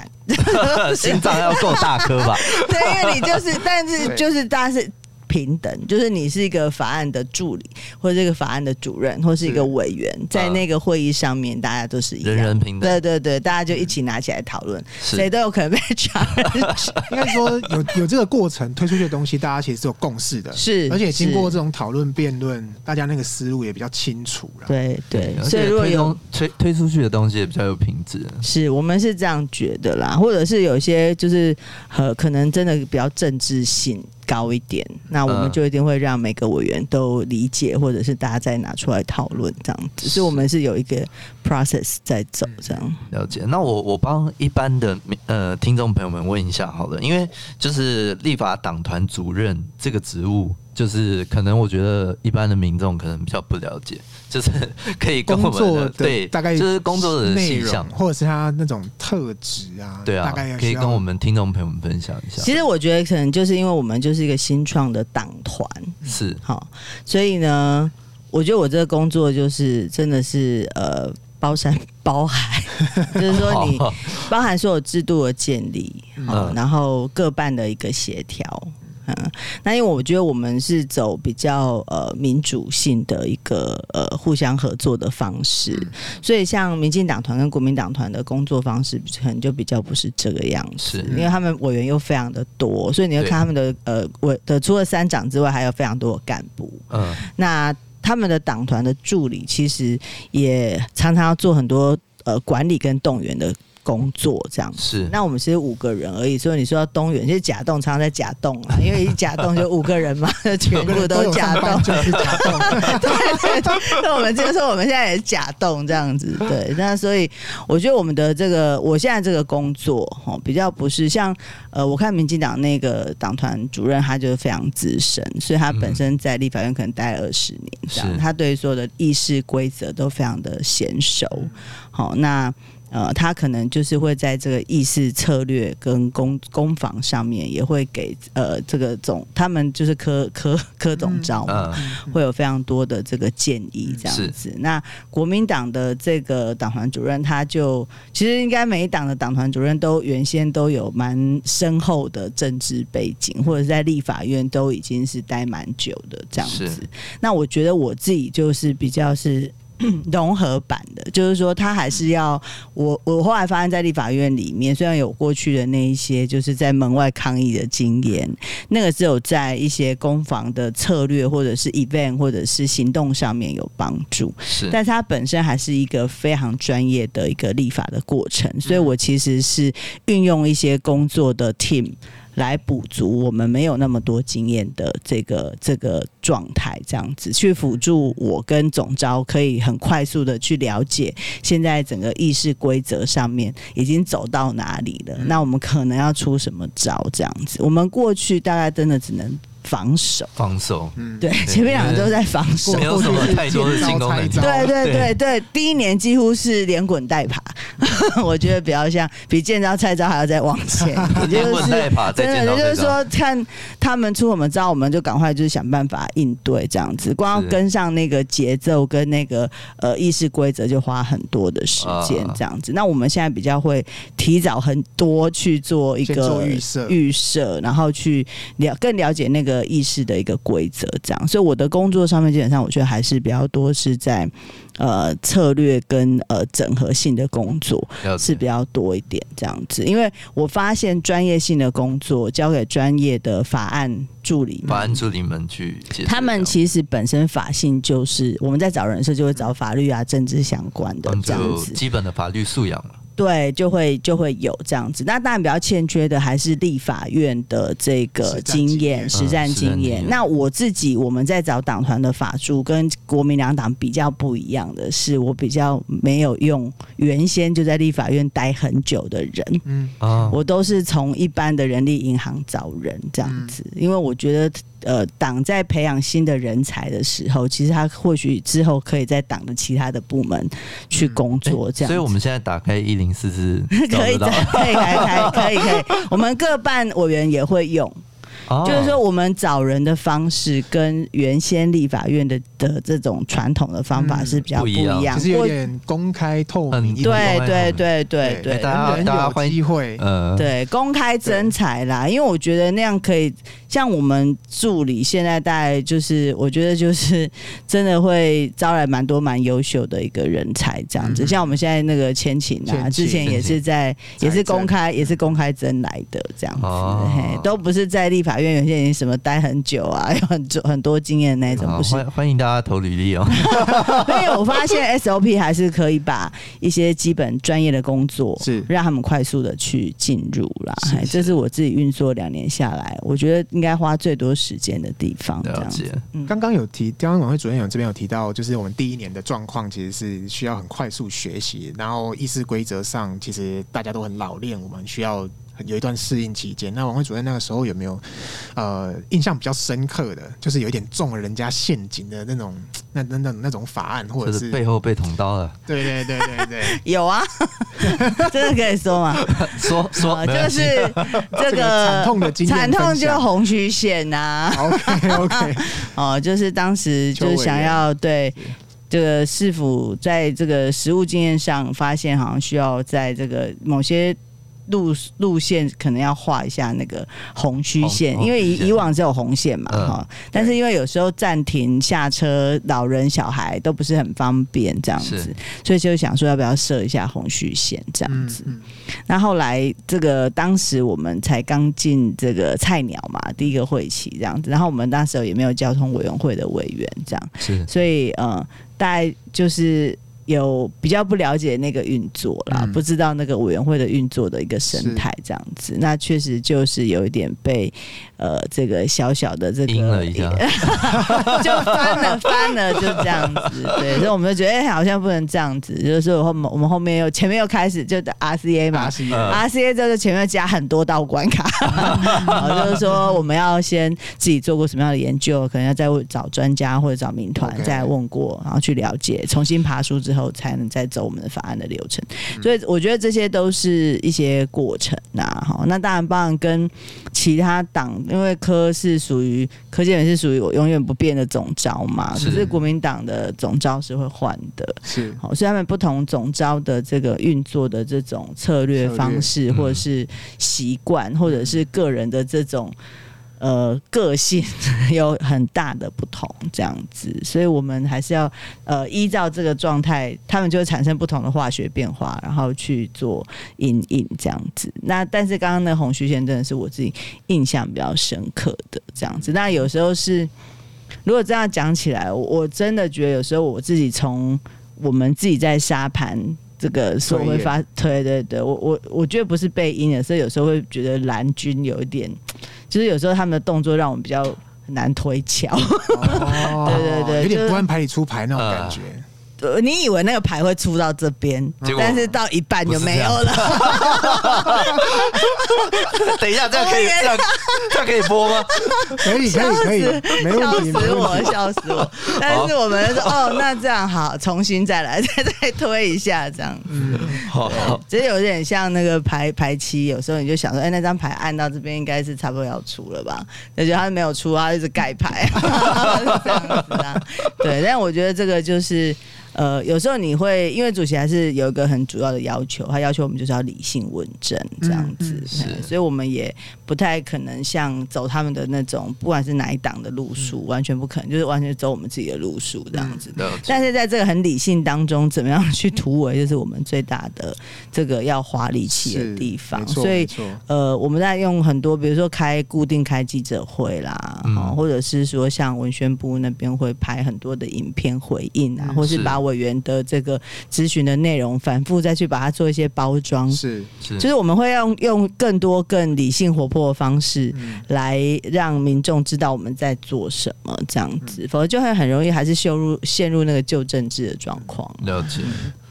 *laughs* 心臟要夠大顆吧？ *laughs* 對，因為你就是，但是就是大，大家是。平等，就是你是一個法案的助理，或者這個法案的主任，或是一個委員，在那個會議上面，啊、大家都是一樣，人人平等，對對對，大家就一起拿起來討論，誰都有可能被挑戰。 *laughs* 應該說有有這個過程推出去的東西，大家其實是有共識的，是而且經過這種討論辯論，大家那個思路也比較清楚了。對對，對，所以如果有推推出去的東西也比較有品質。是我們是這樣覺得啦，或者是有些就是呃，可能真的比較政治性，高一點，那我們就一定會讓每個委員都理解，或者是大家再拿出來討論這樣。只是我們是有一個 process 在走這樣。嗯，了解，那我我幫一般的呃聽眾朋友們問一下好了，因為就是立法黨團主任這個職務。就是可能，我覺得一般的民眾可能比較不了解，就是可以跟我們的，的對，大概就是工作人的形象，或者是他那種特質啊，對啊要要，可以跟我們聽眾朋友們分享一下。其實我覺得可能就是因為我們就是一個新創的黨團，是好，所以呢，我覺得我這個工作就是真的是呃包山包海， *laughs* 就是說你包含所有制度的建立， *laughs* 嗯哦、然後各辦的一個協調。嗯，那因為我覺得我們是走比較呃民主性的一個呃互相合作的方式，嗯、所以像民進黨團跟國民黨團的工作方式可能就比較不是這個樣子，因為他們委員又非常的多，所以你要看他們的呃委的除了三長之外，還有非常多的幹部。嗯，那他們的黨團的助理其實也常常要做很多呃管理跟動員的。工作這樣子，是那我們其實五個人而已。所以你說到動員，就是假動，常常在假動啊，因為一假動就五個人嘛，全部都假動就是假動。 *laughs* *laughs* 對，對對，那我們就說我們現在也是假動這樣子。對，那所以我覺得我們的這個，我現在這個工作哈，比較不是像呃，我看民進黨那個黨團主任，他就是非常資深，所以他本身在立法院可能待二十年這樣，他對所有的議事規則都非常的嫻熟。好，那。呃，他可能就是會在這個議事策略跟攻攻防上面，也會給呃這個總他們就是科科科總召嘛、嗯嗯嗯，會有非常多的這個建議這樣子。那國民黨的這個黨團主任，他就其實應該每一黨的黨團主任都原先都有蠻深厚的政治背景，或者是在立法院都已經是待蠻久的這樣子。那我覺得我自己就是比較是。融合版的，就是說，他還是要我。我後來發現，在立法院裡面，雖然有過去的那一些，就是在門外抗議的經驗，那個只有在一些攻防的策略或者是 event 或者是行動上面有幫助，是，但是它本身還是一個非常專業的一個立法的過程。所以我其實是運用一些工作的 team，來補足我們沒有那麼多經驗的這個這個狀態，這樣子去輔助我跟總召可以很快速的去了解現在整個議事規則上面已經走到哪裡了，那我們可能要出什麼招這樣子？我們過去大概真的只能，防守，防守，嗯，對，前面兩個都在防守，沒有什麼菜招。對對對對，對，對，第一年幾乎是連滾帶爬， *laughs* 我覺得比較像比見招拆招還要再往前， *laughs* 就是、連滾帶爬，真的就是說看他們出什麼招，我們就趕快就是想辦法應對這樣子，光要跟上那個節奏跟那個呃議事規則就花很多的時間這樣子、啊。那我們現在比較會提早很多去做一個預設，預設，然後去了更了解那個。的議事的一個規則這樣，所以我的工作上面基本上，我覺得還是比較多是在呃策略跟呃整合性的工作是比較多一點這樣子。因為我發現專業性的工作交給專業的法案助理們、法案助理們去解，他們其實本身法性就是我們在找人的時候，就會找法律啊、政治相關的這樣子，嗯、基本的法律素養。對，就會就會有這樣子。那當然比較欠缺的還是立法院的這個經驗、實戰經驗、嗯。那我自己，我們在找黨團的法助跟國民兩黨比較不一樣的是，我比較沒有用原先，就在立法院待很久的人。嗯啊、哦，我都是從一般的人力銀行找人這樣子，嗯、因為我覺得呃，黨在培養新的人才的時候，其實他或許之後可以在黨的其他的部門去工作這樣、嗯欸。所以，我們現在打開一零四四，可以的，可以，可以，可以，可以。我們各辦委員也會用。就是說，我們找人的方式跟原先立法院的的這種傳統的方法是比較不一樣，只、嗯、是有點公開透明。對對對對對、欸，大家大家有機會、呃、對公開徵才啦，因為我覺得那樣可以，像我們助理現在帶，就是我覺得就是真的會招來蠻多蠻優秀的一個人才這樣子。嗯、像我們現在那個前情啊，之前也是在也是公開也是公開、嗯、也是公開徵來的這樣子，哦、嘿都不是在立法。因為有些人什麼待很久啊，有很很多經驗那種，不是？歡迎大家投履歷哦。所以我發現 SOP 還是可以把一些基本專業的工作是讓他們快速的去進入啦。這是我自己運作兩年下來，我覺得應該花最多時間的地方這樣子。對，剛、嗯、剛有提，琬惠主任有這邊有提到，就是我們第一年的狀況其實是需要很快速學習，然後議事規則上其實大家都很老練，我們需要。有一段適應期間，那琬惠主任那個時候有沒有呃，印象比較深刻的，就是有一點中了人家陷阱的那種，那那那那種法案或者是，就是背後被捅刀了？對對對對對，對， *laughs* 有啊，真的可以說嗎？ *laughs* 說說、啊、就是這個慘痛的經驗，慘痛就紅虛線吶。 *laughs* OK OK，哦，就是當時就是想要對這個市府在這個實務經驗上發現，好像需要在這個某些路路線可能要畫一下那個紅虛線紅紅，因為以以往只有紅線嘛哈、嗯。但是因為有時候暫停下車、老人、小孩都不是很方便這樣子，所以就想說要不要設一下紅虛線這樣子。那、嗯嗯、後來這個當時我們才剛進這個菜鳥嘛，第一個會期這樣子。然後我們那時候也沒有交通委員會的委員這樣，是所以嗯、呃，大概就是。有比較不了解那個運作啦、嗯，不知道那個委員會的運作的一個生態這樣子，那確實就是有一點被呃這個小小的這贏、個、了一點， *laughs* 就翻了 *laughs* 翻了 *laughs* 就這樣子，對，所以我們就覺得、欸、好像不能這樣子，就是說我,我們後面又前面又開始就 RCA 嘛、uh,，RCA 就是前面加很多道關卡，然 *laughs* 後好 *laughs* 就是說我們要先自己做過什麼樣的研究，可能要再找專家或者找民團、okay. 再問過，然後去了解，重新爬書之後。後才能再走我們的法案的流程，所以我覺得這些都是一些過程、啊、那當然，當跟其他黨，因為柯是屬於柯建銘，是屬於我永遠不變的總召嘛。可是國民黨的總召是會換的，是好，所以他們不同總召的這個運作的這種策略方式，嗯、或者是習慣，或者是個人的這種。呃，個性有很大的不同，這樣子，所以我們還是要呃依照這個狀態，他們就會產生不同的化學變化，然後去做陰影這樣子。那但是剛剛那紅虛線真的是我自己印象比較深刻的這樣子，那有時候是如果這樣講起來我，我真的覺得有時候我自己從我們自己在沙盤。這個，所以我會發推。對，對對對。我我我覺得不是被陰的，所以有時候會覺得藍軍有一點，就是有時候他們的動作讓我們比較難推敲，哦、 *laughs* 對對對，有點不按牌理出牌那種感覺。啊你以為那個牌會出到這邊，嗯、是這但是到一半就沒有了。 *laughs* 等一下，這樣可以這樣這樣可以播嗎？可以可以，可以，可，以，可，以可以，沒問題，笑死我，笑死我。但是我們說，哦，那這樣好，重新再來，再再推一下，這樣。嗯、啊，好，其實有點像那個牌牌期，有時候你就想說，哎、欸，那張牌按到這邊應該是差不多要出了吧？那就他沒有出啊，一直蓋牌。 *laughs* 這樣子啊，對。但我覺得這個就是。呃，有時候你會因為主席還是有一個很主要的要求，他要求我們就是要理性問政這樣子、嗯嗯是，所以我們也不太可能像走他們的那種，不管是哪一黨的路數、嗯，完全不可能，就是完全走我們自己的路數這樣子、嗯、但是在這個很理性當中，怎麼樣去突圍，就是我們最大的這個要花力氣的地方。所以呃，我們在用很多，比如說開固定開記者會啦、嗯哦，或者是說像文宣部那邊會拍很多的影片回應啊，嗯、或是把。委員的這個質詢的內容，反覆再去把它做一些包裝，是是，就是我們會用用更多更理性活潑的方式，來讓民眾知道我們在做什麼這樣子，嗯、否則就會很容易還是陷入陷入那個舊政治的狀況，了解。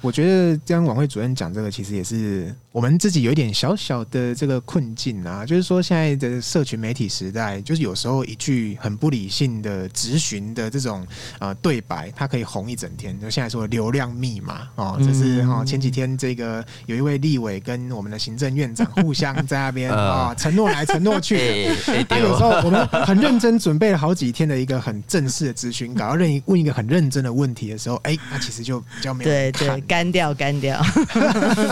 我覺得這樣琬惠主任講這個，其實也是我們自己有一點小小的這個困境啊，就是說現在的社群媒體時代，就是有時候一句很不理性的質詢的這種呃對白，它可以紅一整天。就現在說的流量密碼啊，這是啊、喔、前幾天這個有一位立委跟我們的行政院長互相在那邊啊、喔、承諾來承諾去，但有時候我們很認真準備了好幾天的一個很正式的質詢稿，要認問一個很認真的問題的時候，哎、欸，那其實就比較沒有。幹掉，幹掉，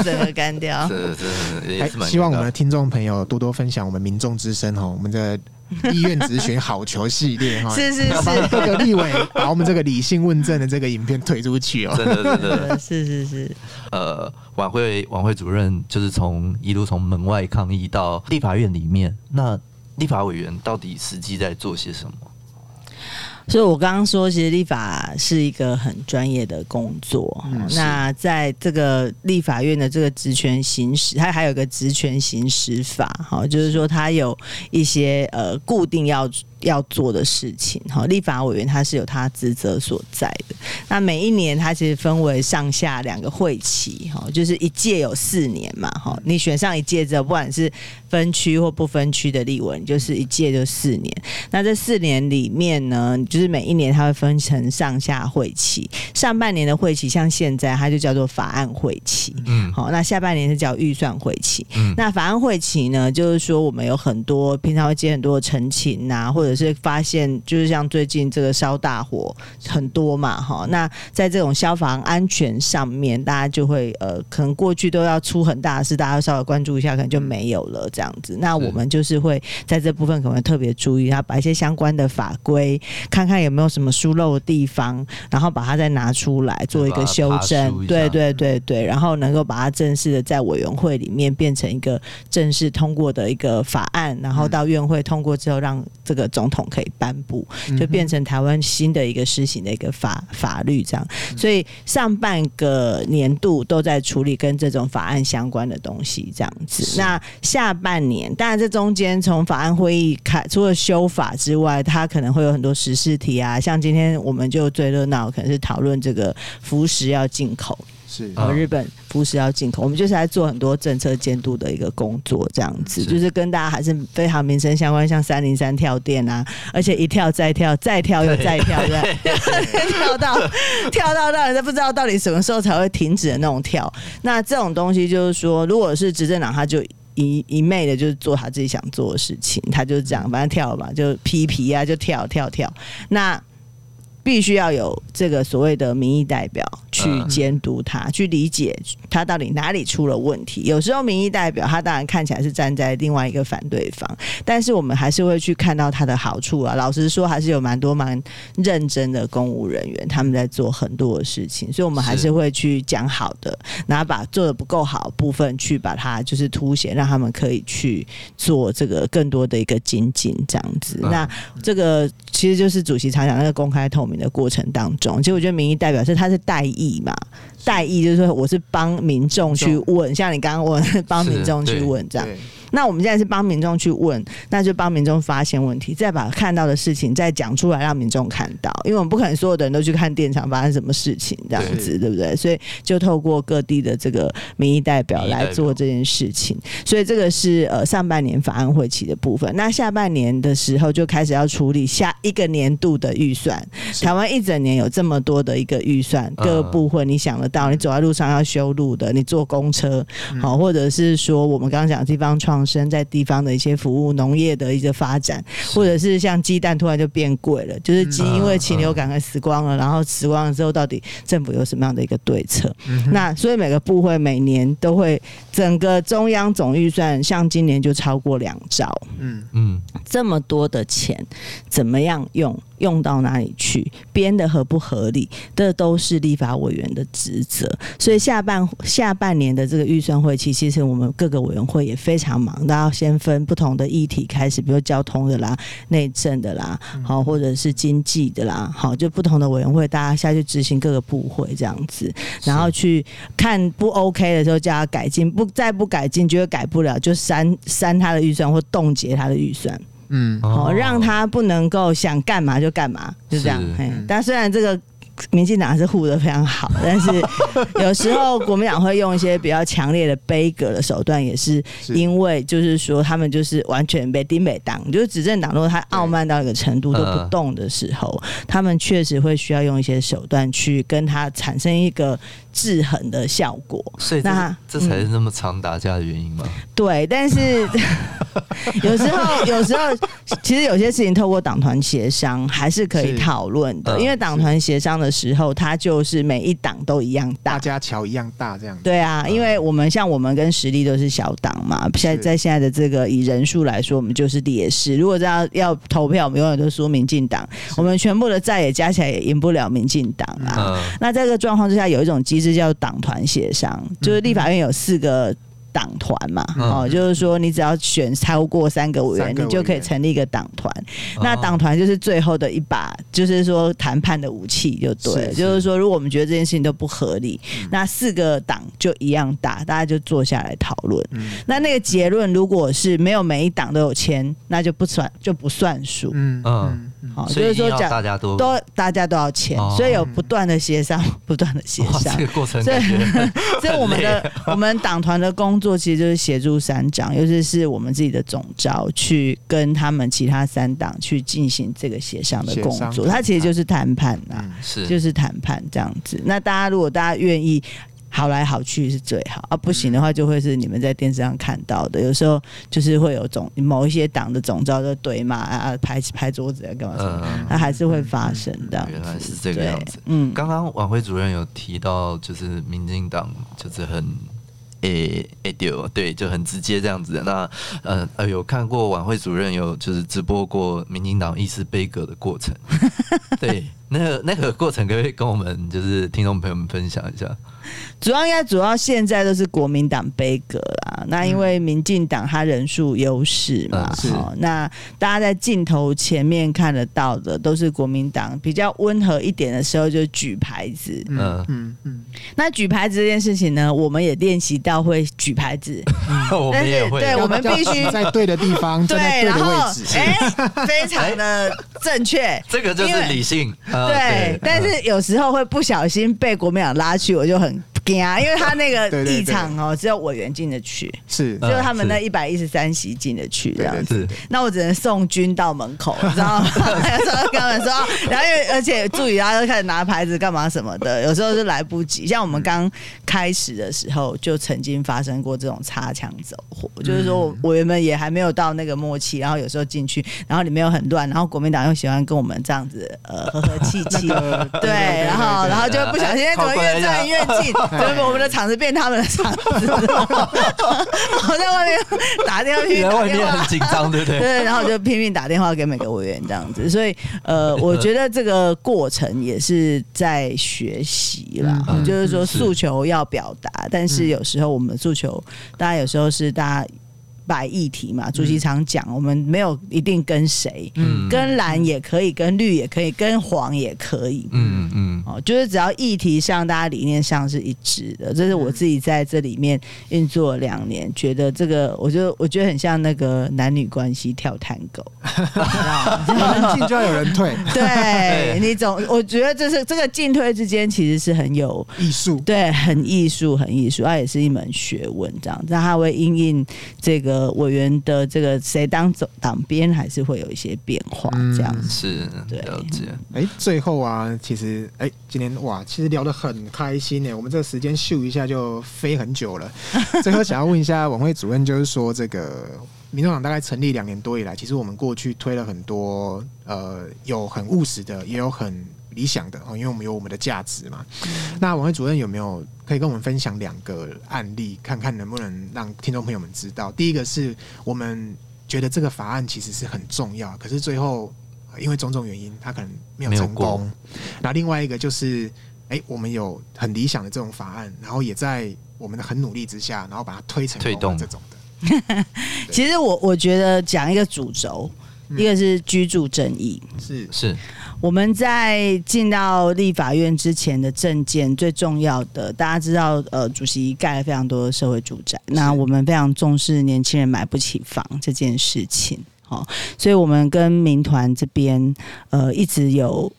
整個幹掉。 *laughs* 是、是，是，是希望我們的聽眾朋友多多分享我們民眾之聲哈，我們的立院質詢好球系列哈。 *laughs* 是、是、是，有立委把我們這個理性問政的這個影片推出去哦、喔。是、是、是。呃，琬惠、琬惠主任就是從一路從門外抗議到立法院裡面，那立法委員到底實際在做些什麼？所以，我剛剛說，其實立法是一個很專業的工作。那在這個立法院的這個職權行使，它還有一個職權行使法，哈，就是說它有一些呃固定要要做的事情，哈。立法委員他是有他職責所在的。那每一年，他其實分為上下兩個會期，哈，就是一屆有四年嘛，哈。你選上一屆之後，不管是。分區或不分區的立委，就是一屆就四年。那這四年裡面呢，就是每一年它會分成上下會期。上半年的會期，像現在它就叫做法案會期。嗯，好，那下半年是叫預算會期。嗯，那法案會期呢，就是說我們有很多平常會接很多的陳情吶、啊，或者是發現，就是像最近這個燒大火很多嘛，哈。那在這種消防安全上面，大家就會呃，可能過去都要出很大的事，大家稍微關注一下，可能就沒有了。嗯這樣子，那我們就是會在這部分可能特別注意，然後把一些相關的法規看看有沒有什麼疏漏的地方，然後把它再拿出來做一個修正，對對對對，對，然後能夠把它正式的在委員會裡面變成一個正式通過的一個法案，然後到院會通過之後，讓這個總統可以頒布，就變成台灣新的一個施行的一個法法律這樣。所以上半個年度都在處理跟這種法案相關的東西，這樣子。那下半。半年，當然這中間從法案會議開，除了修法之外，它可能會有很多時事題啊。像今天我們就最熱鬧，可能是討論這個福食要進口，是啊，日本福食要進口，哦、我們就是來做很多政策監督的一個工作，這樣子是就是跟大家還是非常民生相關，像三零三跳電啊，而且一跳再跳，再跳又再跳，對對對，跳到跳到讓人都不知道到底什麼時候才會停止的那種跳。那這種東西就是說，如果是執政黨，他就。一一昧的就是做他自己想做的事情，他就這樣，反正跳吧，就皮皮啊，就跳跳跳。那。必須要有這個所謂的民意代表去監督他，uh, 去理解他到底哪裡出了問題。有時候民意代表他當然看起來是站在另外一個反對方，但是我們還是會去看到他的好處啊。老實說，還是有蠻多蠻認真的公務人員他們在做很多的事情，所以我們還是會去講好的，然後把做得不夠好部分去把它就是凸顯，讓他們可以去做這個更多的一個精進這樣子。Uh, 那這個其實就是主席常講那個公開透明。的過程當中，其實我覺得民意代表是他是代議嘛，代議就是說我是幫民眾去問，像你剛剛問，幫民眾去問這樣。那我們現在是幫民眾去問，那就幫民眾發現問題，再把看到的事情再講出來讓民眾看到，因為我們不可能所有的人都去看電廠發生什麼事情這樣子對，對不對？所以就透過各地的這個民意代表來做這件事情。所以這個是呃上半年法案會期的部分。那下半年的時候就開始要處理下一個年度的預算。台灣一整年有這麼多的一個預算，各部分你想得到、啊，你走在路上要修路的，你坐公車，嗯、好，或者是說我們剛剛講的地方創。生在地方的一些服務、農業的一個發展，或者是像雞蛋突然就變貴了，就是雞因為禽流感而死光了、嗯，然後死光了之後，到底政府有什麼樣的一個對策？嗯、那所以每個部會每年都會，整個中央總預算，像今年就超過兩兆，嗯嗯，這麼多的錢，怎麼樣用？用到哪裡去，編的合不合理，這都是立法委員的職責。所以下半下半年的這個預算會，其實我們各個委員會也非常忙。大家要先分不同的議題開始，比如交通的啦、內政的啦，嗯、好或者是經濟的啦，好就不同的委員會，大家下去執行各個部會這樣子，然後去看不 OK 的時候叫他改進，不再不改進就會改不了，就刪刪他的預算或凍結他的預算。嗯，哦，讓他不能夠想幹嘛就幹嘛是，就這樣嘿、嗯。但雖然這個民進黨是護得非常好， *laughs* 但是有時候國民黨會用一些比較強烈的杯葛的手段，也是因為就是說他們就是完全被丁美當，就是執政黨如果他傲慢到一個程度都不動的時候，他們確實會需要用一些手段去跟他產生一個。制衡的效果，所以這那、嗯、這才是那麼常打架的原因嗎？對，但是 *laughs* 有時候，有時候其實有些事情透過黨團協商還是可以討論的、呃，因為黨團協商的時候，它就是每一黨都一樣大，大家橋一樣大這樣子。對啊、呃，因為我們像我們跟實力都是小黨嘛，現在在現在的這個以人數來說，我們就是劣勢。如果這樣要投票，我們永遠都輸民進黨，我們全部的債也加起來也贏不了民進黨啊。那在這個狀況之下，有一種機制。是叫黨團協商，就是立法院有四個黨團嘛，嗯、哦、嗯，就是說你只要選超過三個委員，委員你就可以成立一個黨團、哦。那黨團就是最後的一把就的就是是，就是說談判的武器，就對了。就是說，如果我們覺得這件事情都不合理，嗯、那四個黨就一樣大，大家就坐下來討論、嗯。那那個結論如果是沒有每一黨都有簽，那就不算就不算數。嗯嗯。嗯所以說，講大家都都大家都要簽，所以有不斷的協商，不斷的協商這個過程。所以，所以我們的我們黨團的工作，其實就是協助三黨，尤其是我們自己的總召，去跟他們其他三黨去進行這個協商的工作。他其實就是談判吶、啊，是就是談判這樣子。那大家如果大家願意。好來好去是最好啊，不行的話就會是你們在電視上看到的。嗯、有時候就是會有總某一些黨的總召的對罵啊，拍拍桌子啊，幹、嗯、嘛？那還是會發生的、嗯。原來是這個樣子。嗯，剛剛琬惠主任有提到，就是民進黨就是很，誒誒丟，對，就很直接這樣子。那呃呃，有看過琬惠主任有就是直播過民進黨議事杯葛的過程， *laughs* 對。那個那個過程可以跟我們就是聽眾朋友們分享一下，主要應該主要現在都是國民黨杯葛啦，那因為民進黨他人數優勢嘛，好、嗯哦，那大家在鏡頭前面看得到的都是國民黨比較溫和一點的時候就舉牌子，嗯嗯，那舉牌子這件事情呢，我們也練習到會舉牌子，嗯、但是對、嗯、我們對 *laughs* 必須在對的地方站在對的位置，非常的正確，這個就是理性。對，對，但是有時候會不小心被國民黨拉去，我就很。因為他那個議場哦，只有委員進得去，對對對對，就是只有他們那一百一十三席進得去這樣子。那我只能送君到門口，你知道嗎？跟 *laughs* *laughs* 他們說，然後又而且助理他又開始拿牌子幹嘛什麼的，有時候是來不及。像我們剛開始的時候，就曾經發生過這種擦槍走火，嗯、就是說我委員們也還沒有到那個默契，然後有時候進去，然後裡面又很亂，然後國民黨又喜歡跟我們這樣子呃和和氣氣，對，嗯嗯、然後然後就不小心因為怎麼越站越近。嗯嗯我們的場子變他們的場子，我 *laughs* *laughs* 在外面打電話，拼命 *laughs* 打很緊張，對不對？對，然後就拼命打電話給每個委員，這樣子。所以，呃、嗯，我覺得這個過程也是在學習啦、嗯，就是說訴求要表達、嗯，但是有時候我們的訴求，嗯、大家有時候是大家。擺議題嘛，主席常講，我們沒有一定跟誰、嗯，跟藍也可以，跟綠也可以，跟黃也可以。嗯嗯，哦，就是只要議題上大家理念上是一致的，這是我自己在這裡面運作兩年、嗯，覺得這個，我覺得我覺得很像那個男女關係跳探戈，知道嗎？有人進就要有人退 *laughs* 對，對你總我覺得這、就是這個進退之間其實是很有藝術，對，很藝術，很藝術，它也是一門學問，這樣，那它會因應這個。呃，委員的這個誰當總黨鞭還是會有一些變化。這樣是、嗯，對。哎、欸，最後啊，其實哎、欸，今天哇，其實聊得很開心呢、欸。我們這個時間秀一下就飛很久了。 *laughs* 最後想要問一下，琬惠主任就是說，這個民眾黨大概成立兩年多以來，其實我們過去推了很多呃，有很務實的，也有很。理想的，哦，因為我們有我們的價值嘛。那琬惠主任有沒有可以跟我們分享兩個案例，看看能不能讓聽眾朋友們知道？第一個是我們覺得這個法案其實是很重要，可是最後因為種種原因，它可能沒有成功。功然後另外一個就是，哎、欸，我們有很理想的這種法案，然後也在我們的很努力之下，然後把它推成推動這種的。 *laughs* 其實我我覺得講一個主軸。一個是居住正義，是是，我們在進到立法院之前的政見，最重要的，大家知道，呃，主席蓋了非常多的社會住宅，那我們非常重視年輕人買不起房這件事情，好，所以我們跟民團這邊，呃，一直有。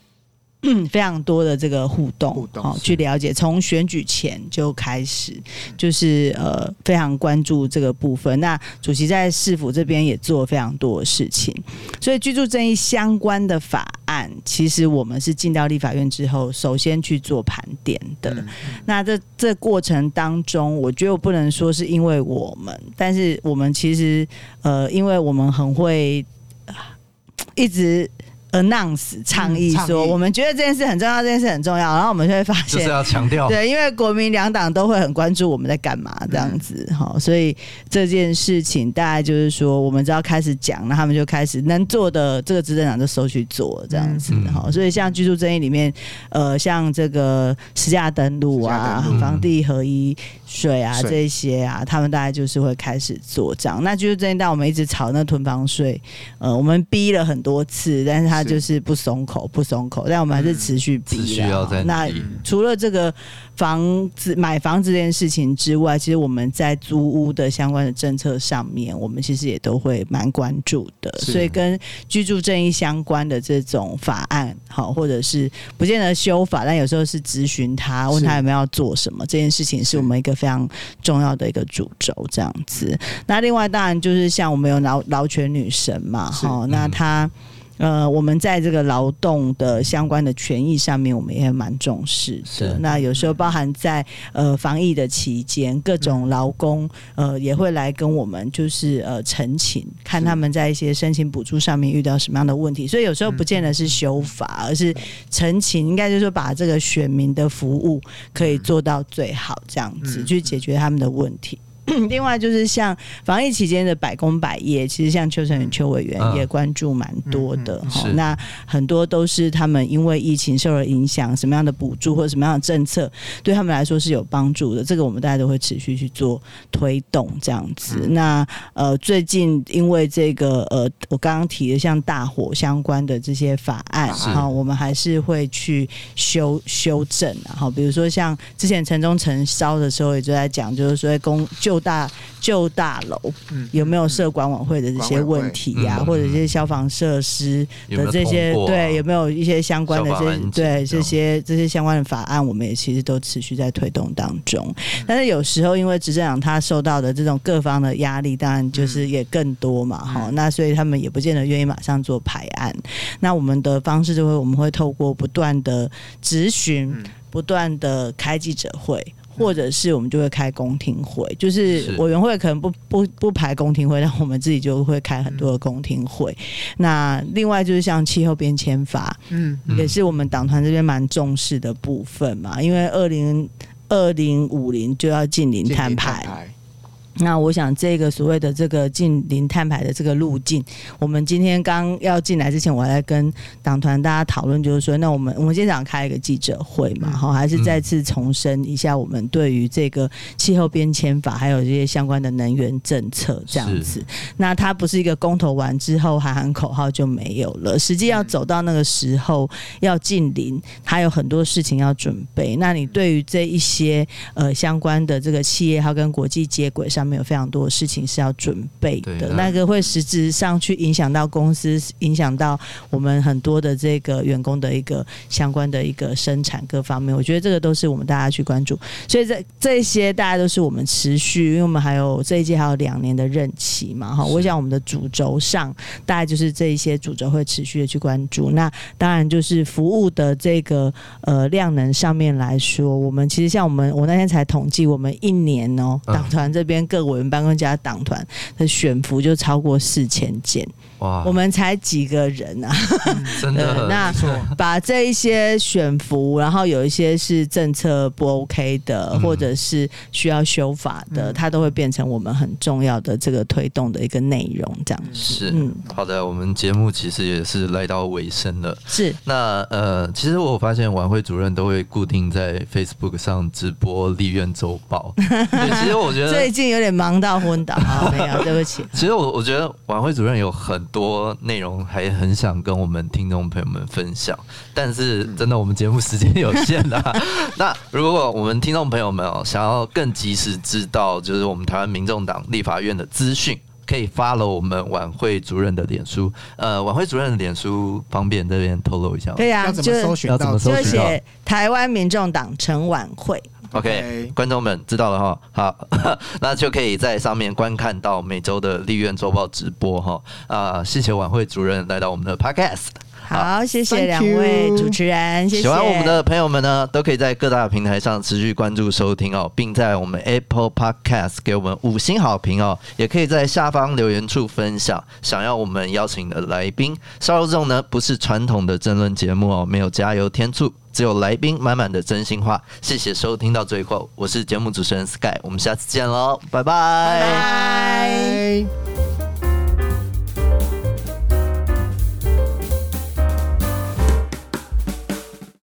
非常多的這個互動，互動哦，去了解，從選舉前就開始，就是呃，非常關注這個部分。那主席在市府這邊也做非常多的事情，所以居住正義相關的法案，其實我們是進到立法院之後，首先去做盤點的。嗯嗯那這這過程當中，我覺得我不能說是因為我們，但是我們其實呃，因為我們很會一直。announce 倡議說、嗯倡議，我們覺得這件事很重要，這件事很重要。然後我們就會發現，就是要強調對，因為國民兩黨都會很關注我們在幹嘛這樣子，好、嗯，所以這件事情大概就是說，我們只要開始講，那他們就開始能做的，這個執政黨就收去做這樣子，好、嗯。所以像居住正義裡面，呃，像這個實價登錄啊登、房地合一稅啊這些啊，他們大概就是會開始做這樣。那居住正義，但我們一直吵那囤房稅，呃，我們逼了很多次，但是他。他就是不鬆口，不鬆口。但我們還是持續比，需、嗯、要在那除了這個房子買房子這件事情之外，其實我們在租屋的相關的政策上面，我們其實也都會蠻關注的。所以跟居住正義相關的這種法案，好或者是不見得修法，但有時候是質詢他，問他有沒有要做什麼。這件事情是我們一個非常重要的一個主軸，這樣子。那另外當然就是像我們有勞勞權女神嘛，哈，那她。嗯呃，我們在這個勞動的相關的權益上面，我們也蠻重視的。是，那有時候包含在呃防疫的期間，各種勞工、嗯、呃也會來跟我們就是呃陳情，看他們在一些申請補助上面遇到什麼樣的問題。所以有時候不見得是修法，嗯、而是陳情，應該就是說把這個選民的服務可以做到最好，這樣子、嗯、去解決他們的問題。另外就是像防疫期間的百工百業，其實像邱臣遠邱委員也關注蠻多的。哈、嗯嗯，那很多都是他們因為疫情受了影響，什麼樣的補助或者什麼樣的政策對他們來說是有幫助的。這個我們大家都會持續去做推動這樣子。嗯、那呃，最近因為這個呃，我剛剛提的像大火相關的這些法案，哈，然後我們還是會去修修正。然後比如說像之前城中城燒的時候，也就在講，就是說公就大舊大樓、嗯嗯嗯、有沒有社管委會的這些問題呀、啊嗯嗯？或者這些消防設施的這些有有、啊、對，有沒有一些相關的這些對這些這些相關的法案，我們也其實都持續在推動當中。嗯、但是有時候因為執政黨他受到的這種各方的壓力，當然就是也更多嘛，哈、嗯。那所以他們也不見得願意馬上做排案。那我們的方式就會，我們會透過不斷的質詢、嗯，不斷的開記者會。或者是我們就會開公聽會，就是委員會可能不不不排公聽會，但我們自己就會開很多的公聽會、嗯。那另外就是像氣候變遷法，嗯，也是我們黨團這邊蠻重視的部分嘛，因為二零二零五零就要淨零碳排。那我想，這個所謂的這個近零碳排的這個路徑，我們今天剛要進來之前，我還在跟黨團大家討論，就是說，那我們我們今天早上開一個記者會嘛，好，還是再次重申一下我們對於這個氣候變遷法，還有這些相關的能源政策這樣子。那它不是一個公投完之後喊喊口號就沒有了，實際要走到那個時候要近零，還有很多事情要準備。那你對於這一些呃相關的這個企業，還跟國際接軌上？沒有非常多的事情是要準備的，那個會實質上去影響到公司，影響到我們很多的這個員工的一個相關的一個生產各方面。我覺得這個都是我們大家去關注，所以這這些大家都是我們持續，因為我們還有這一屆還有兩年的任期嘛，哈。我想我們的主軸上，大概就是這一些主軸會持續的去關注。那當然就是服務的這個呃量能上面來說，我們其實像我們我那天才統計，我們一年哦黨團這邊各。我們辦公室黨團的選服就超過四千件，哇！我們才幾個人啊，嗯、真的。 *laughs* 那、嗯、把這一些選服，然後有一些是政策不 OK 的，嗯、或者是需要修法的、嗯，它都會變成我們很重要的這個推動的一個內容。這樣子是嗯，好的。我們節目其實也是來到尾聲了。是那呃，其實我發現琬惠主任都會固定在 Facebook 上直播立院周報。 *laughs* 對，其實我覺得 *laughs* 最近有點。忙到昏倒， *laughs* 哦、沒有，對不起。其實我我覺得琬惠主任有很多內容，還很想跟我們聽眾朋友們分享，但是真的我們節目時間有限 *laughs* 那如果我們聽眾朋友們哦，想要更及時知道，就是我們台灣民眾黨立法院的資訊，可以 follow 我們琬惠主任的臉書。呃，琬惠主任的臉書方便這邊透露一下，對呀、啊，要怎麼搜尋到？台灣民眾黨陳琬惠。Okay, OK，觀眾們知道了哈，好， *laughs* 那就可以在上面觀看到每周的立院周報直播哈。啊、呃，謝謝琬惠主任來到我們的 Podcast 好。好，謝謝兩位主持人。謝謝。喜歡我們的朋友們呢，都可以在各大平台上持續關注收聽哦，並在我們 Apple Podcast 給我們五星好評哦。也可以在下方留言處分享，想要我們邀請的來賓。So，眾點呢不是傳統的政論節目哦，沒有加油添醋。只有來賓滿滿的真心話。謝謝收聽到最後，我是節目主持人 Sky，我們下次見嘍，拜拜。Bye. Bye.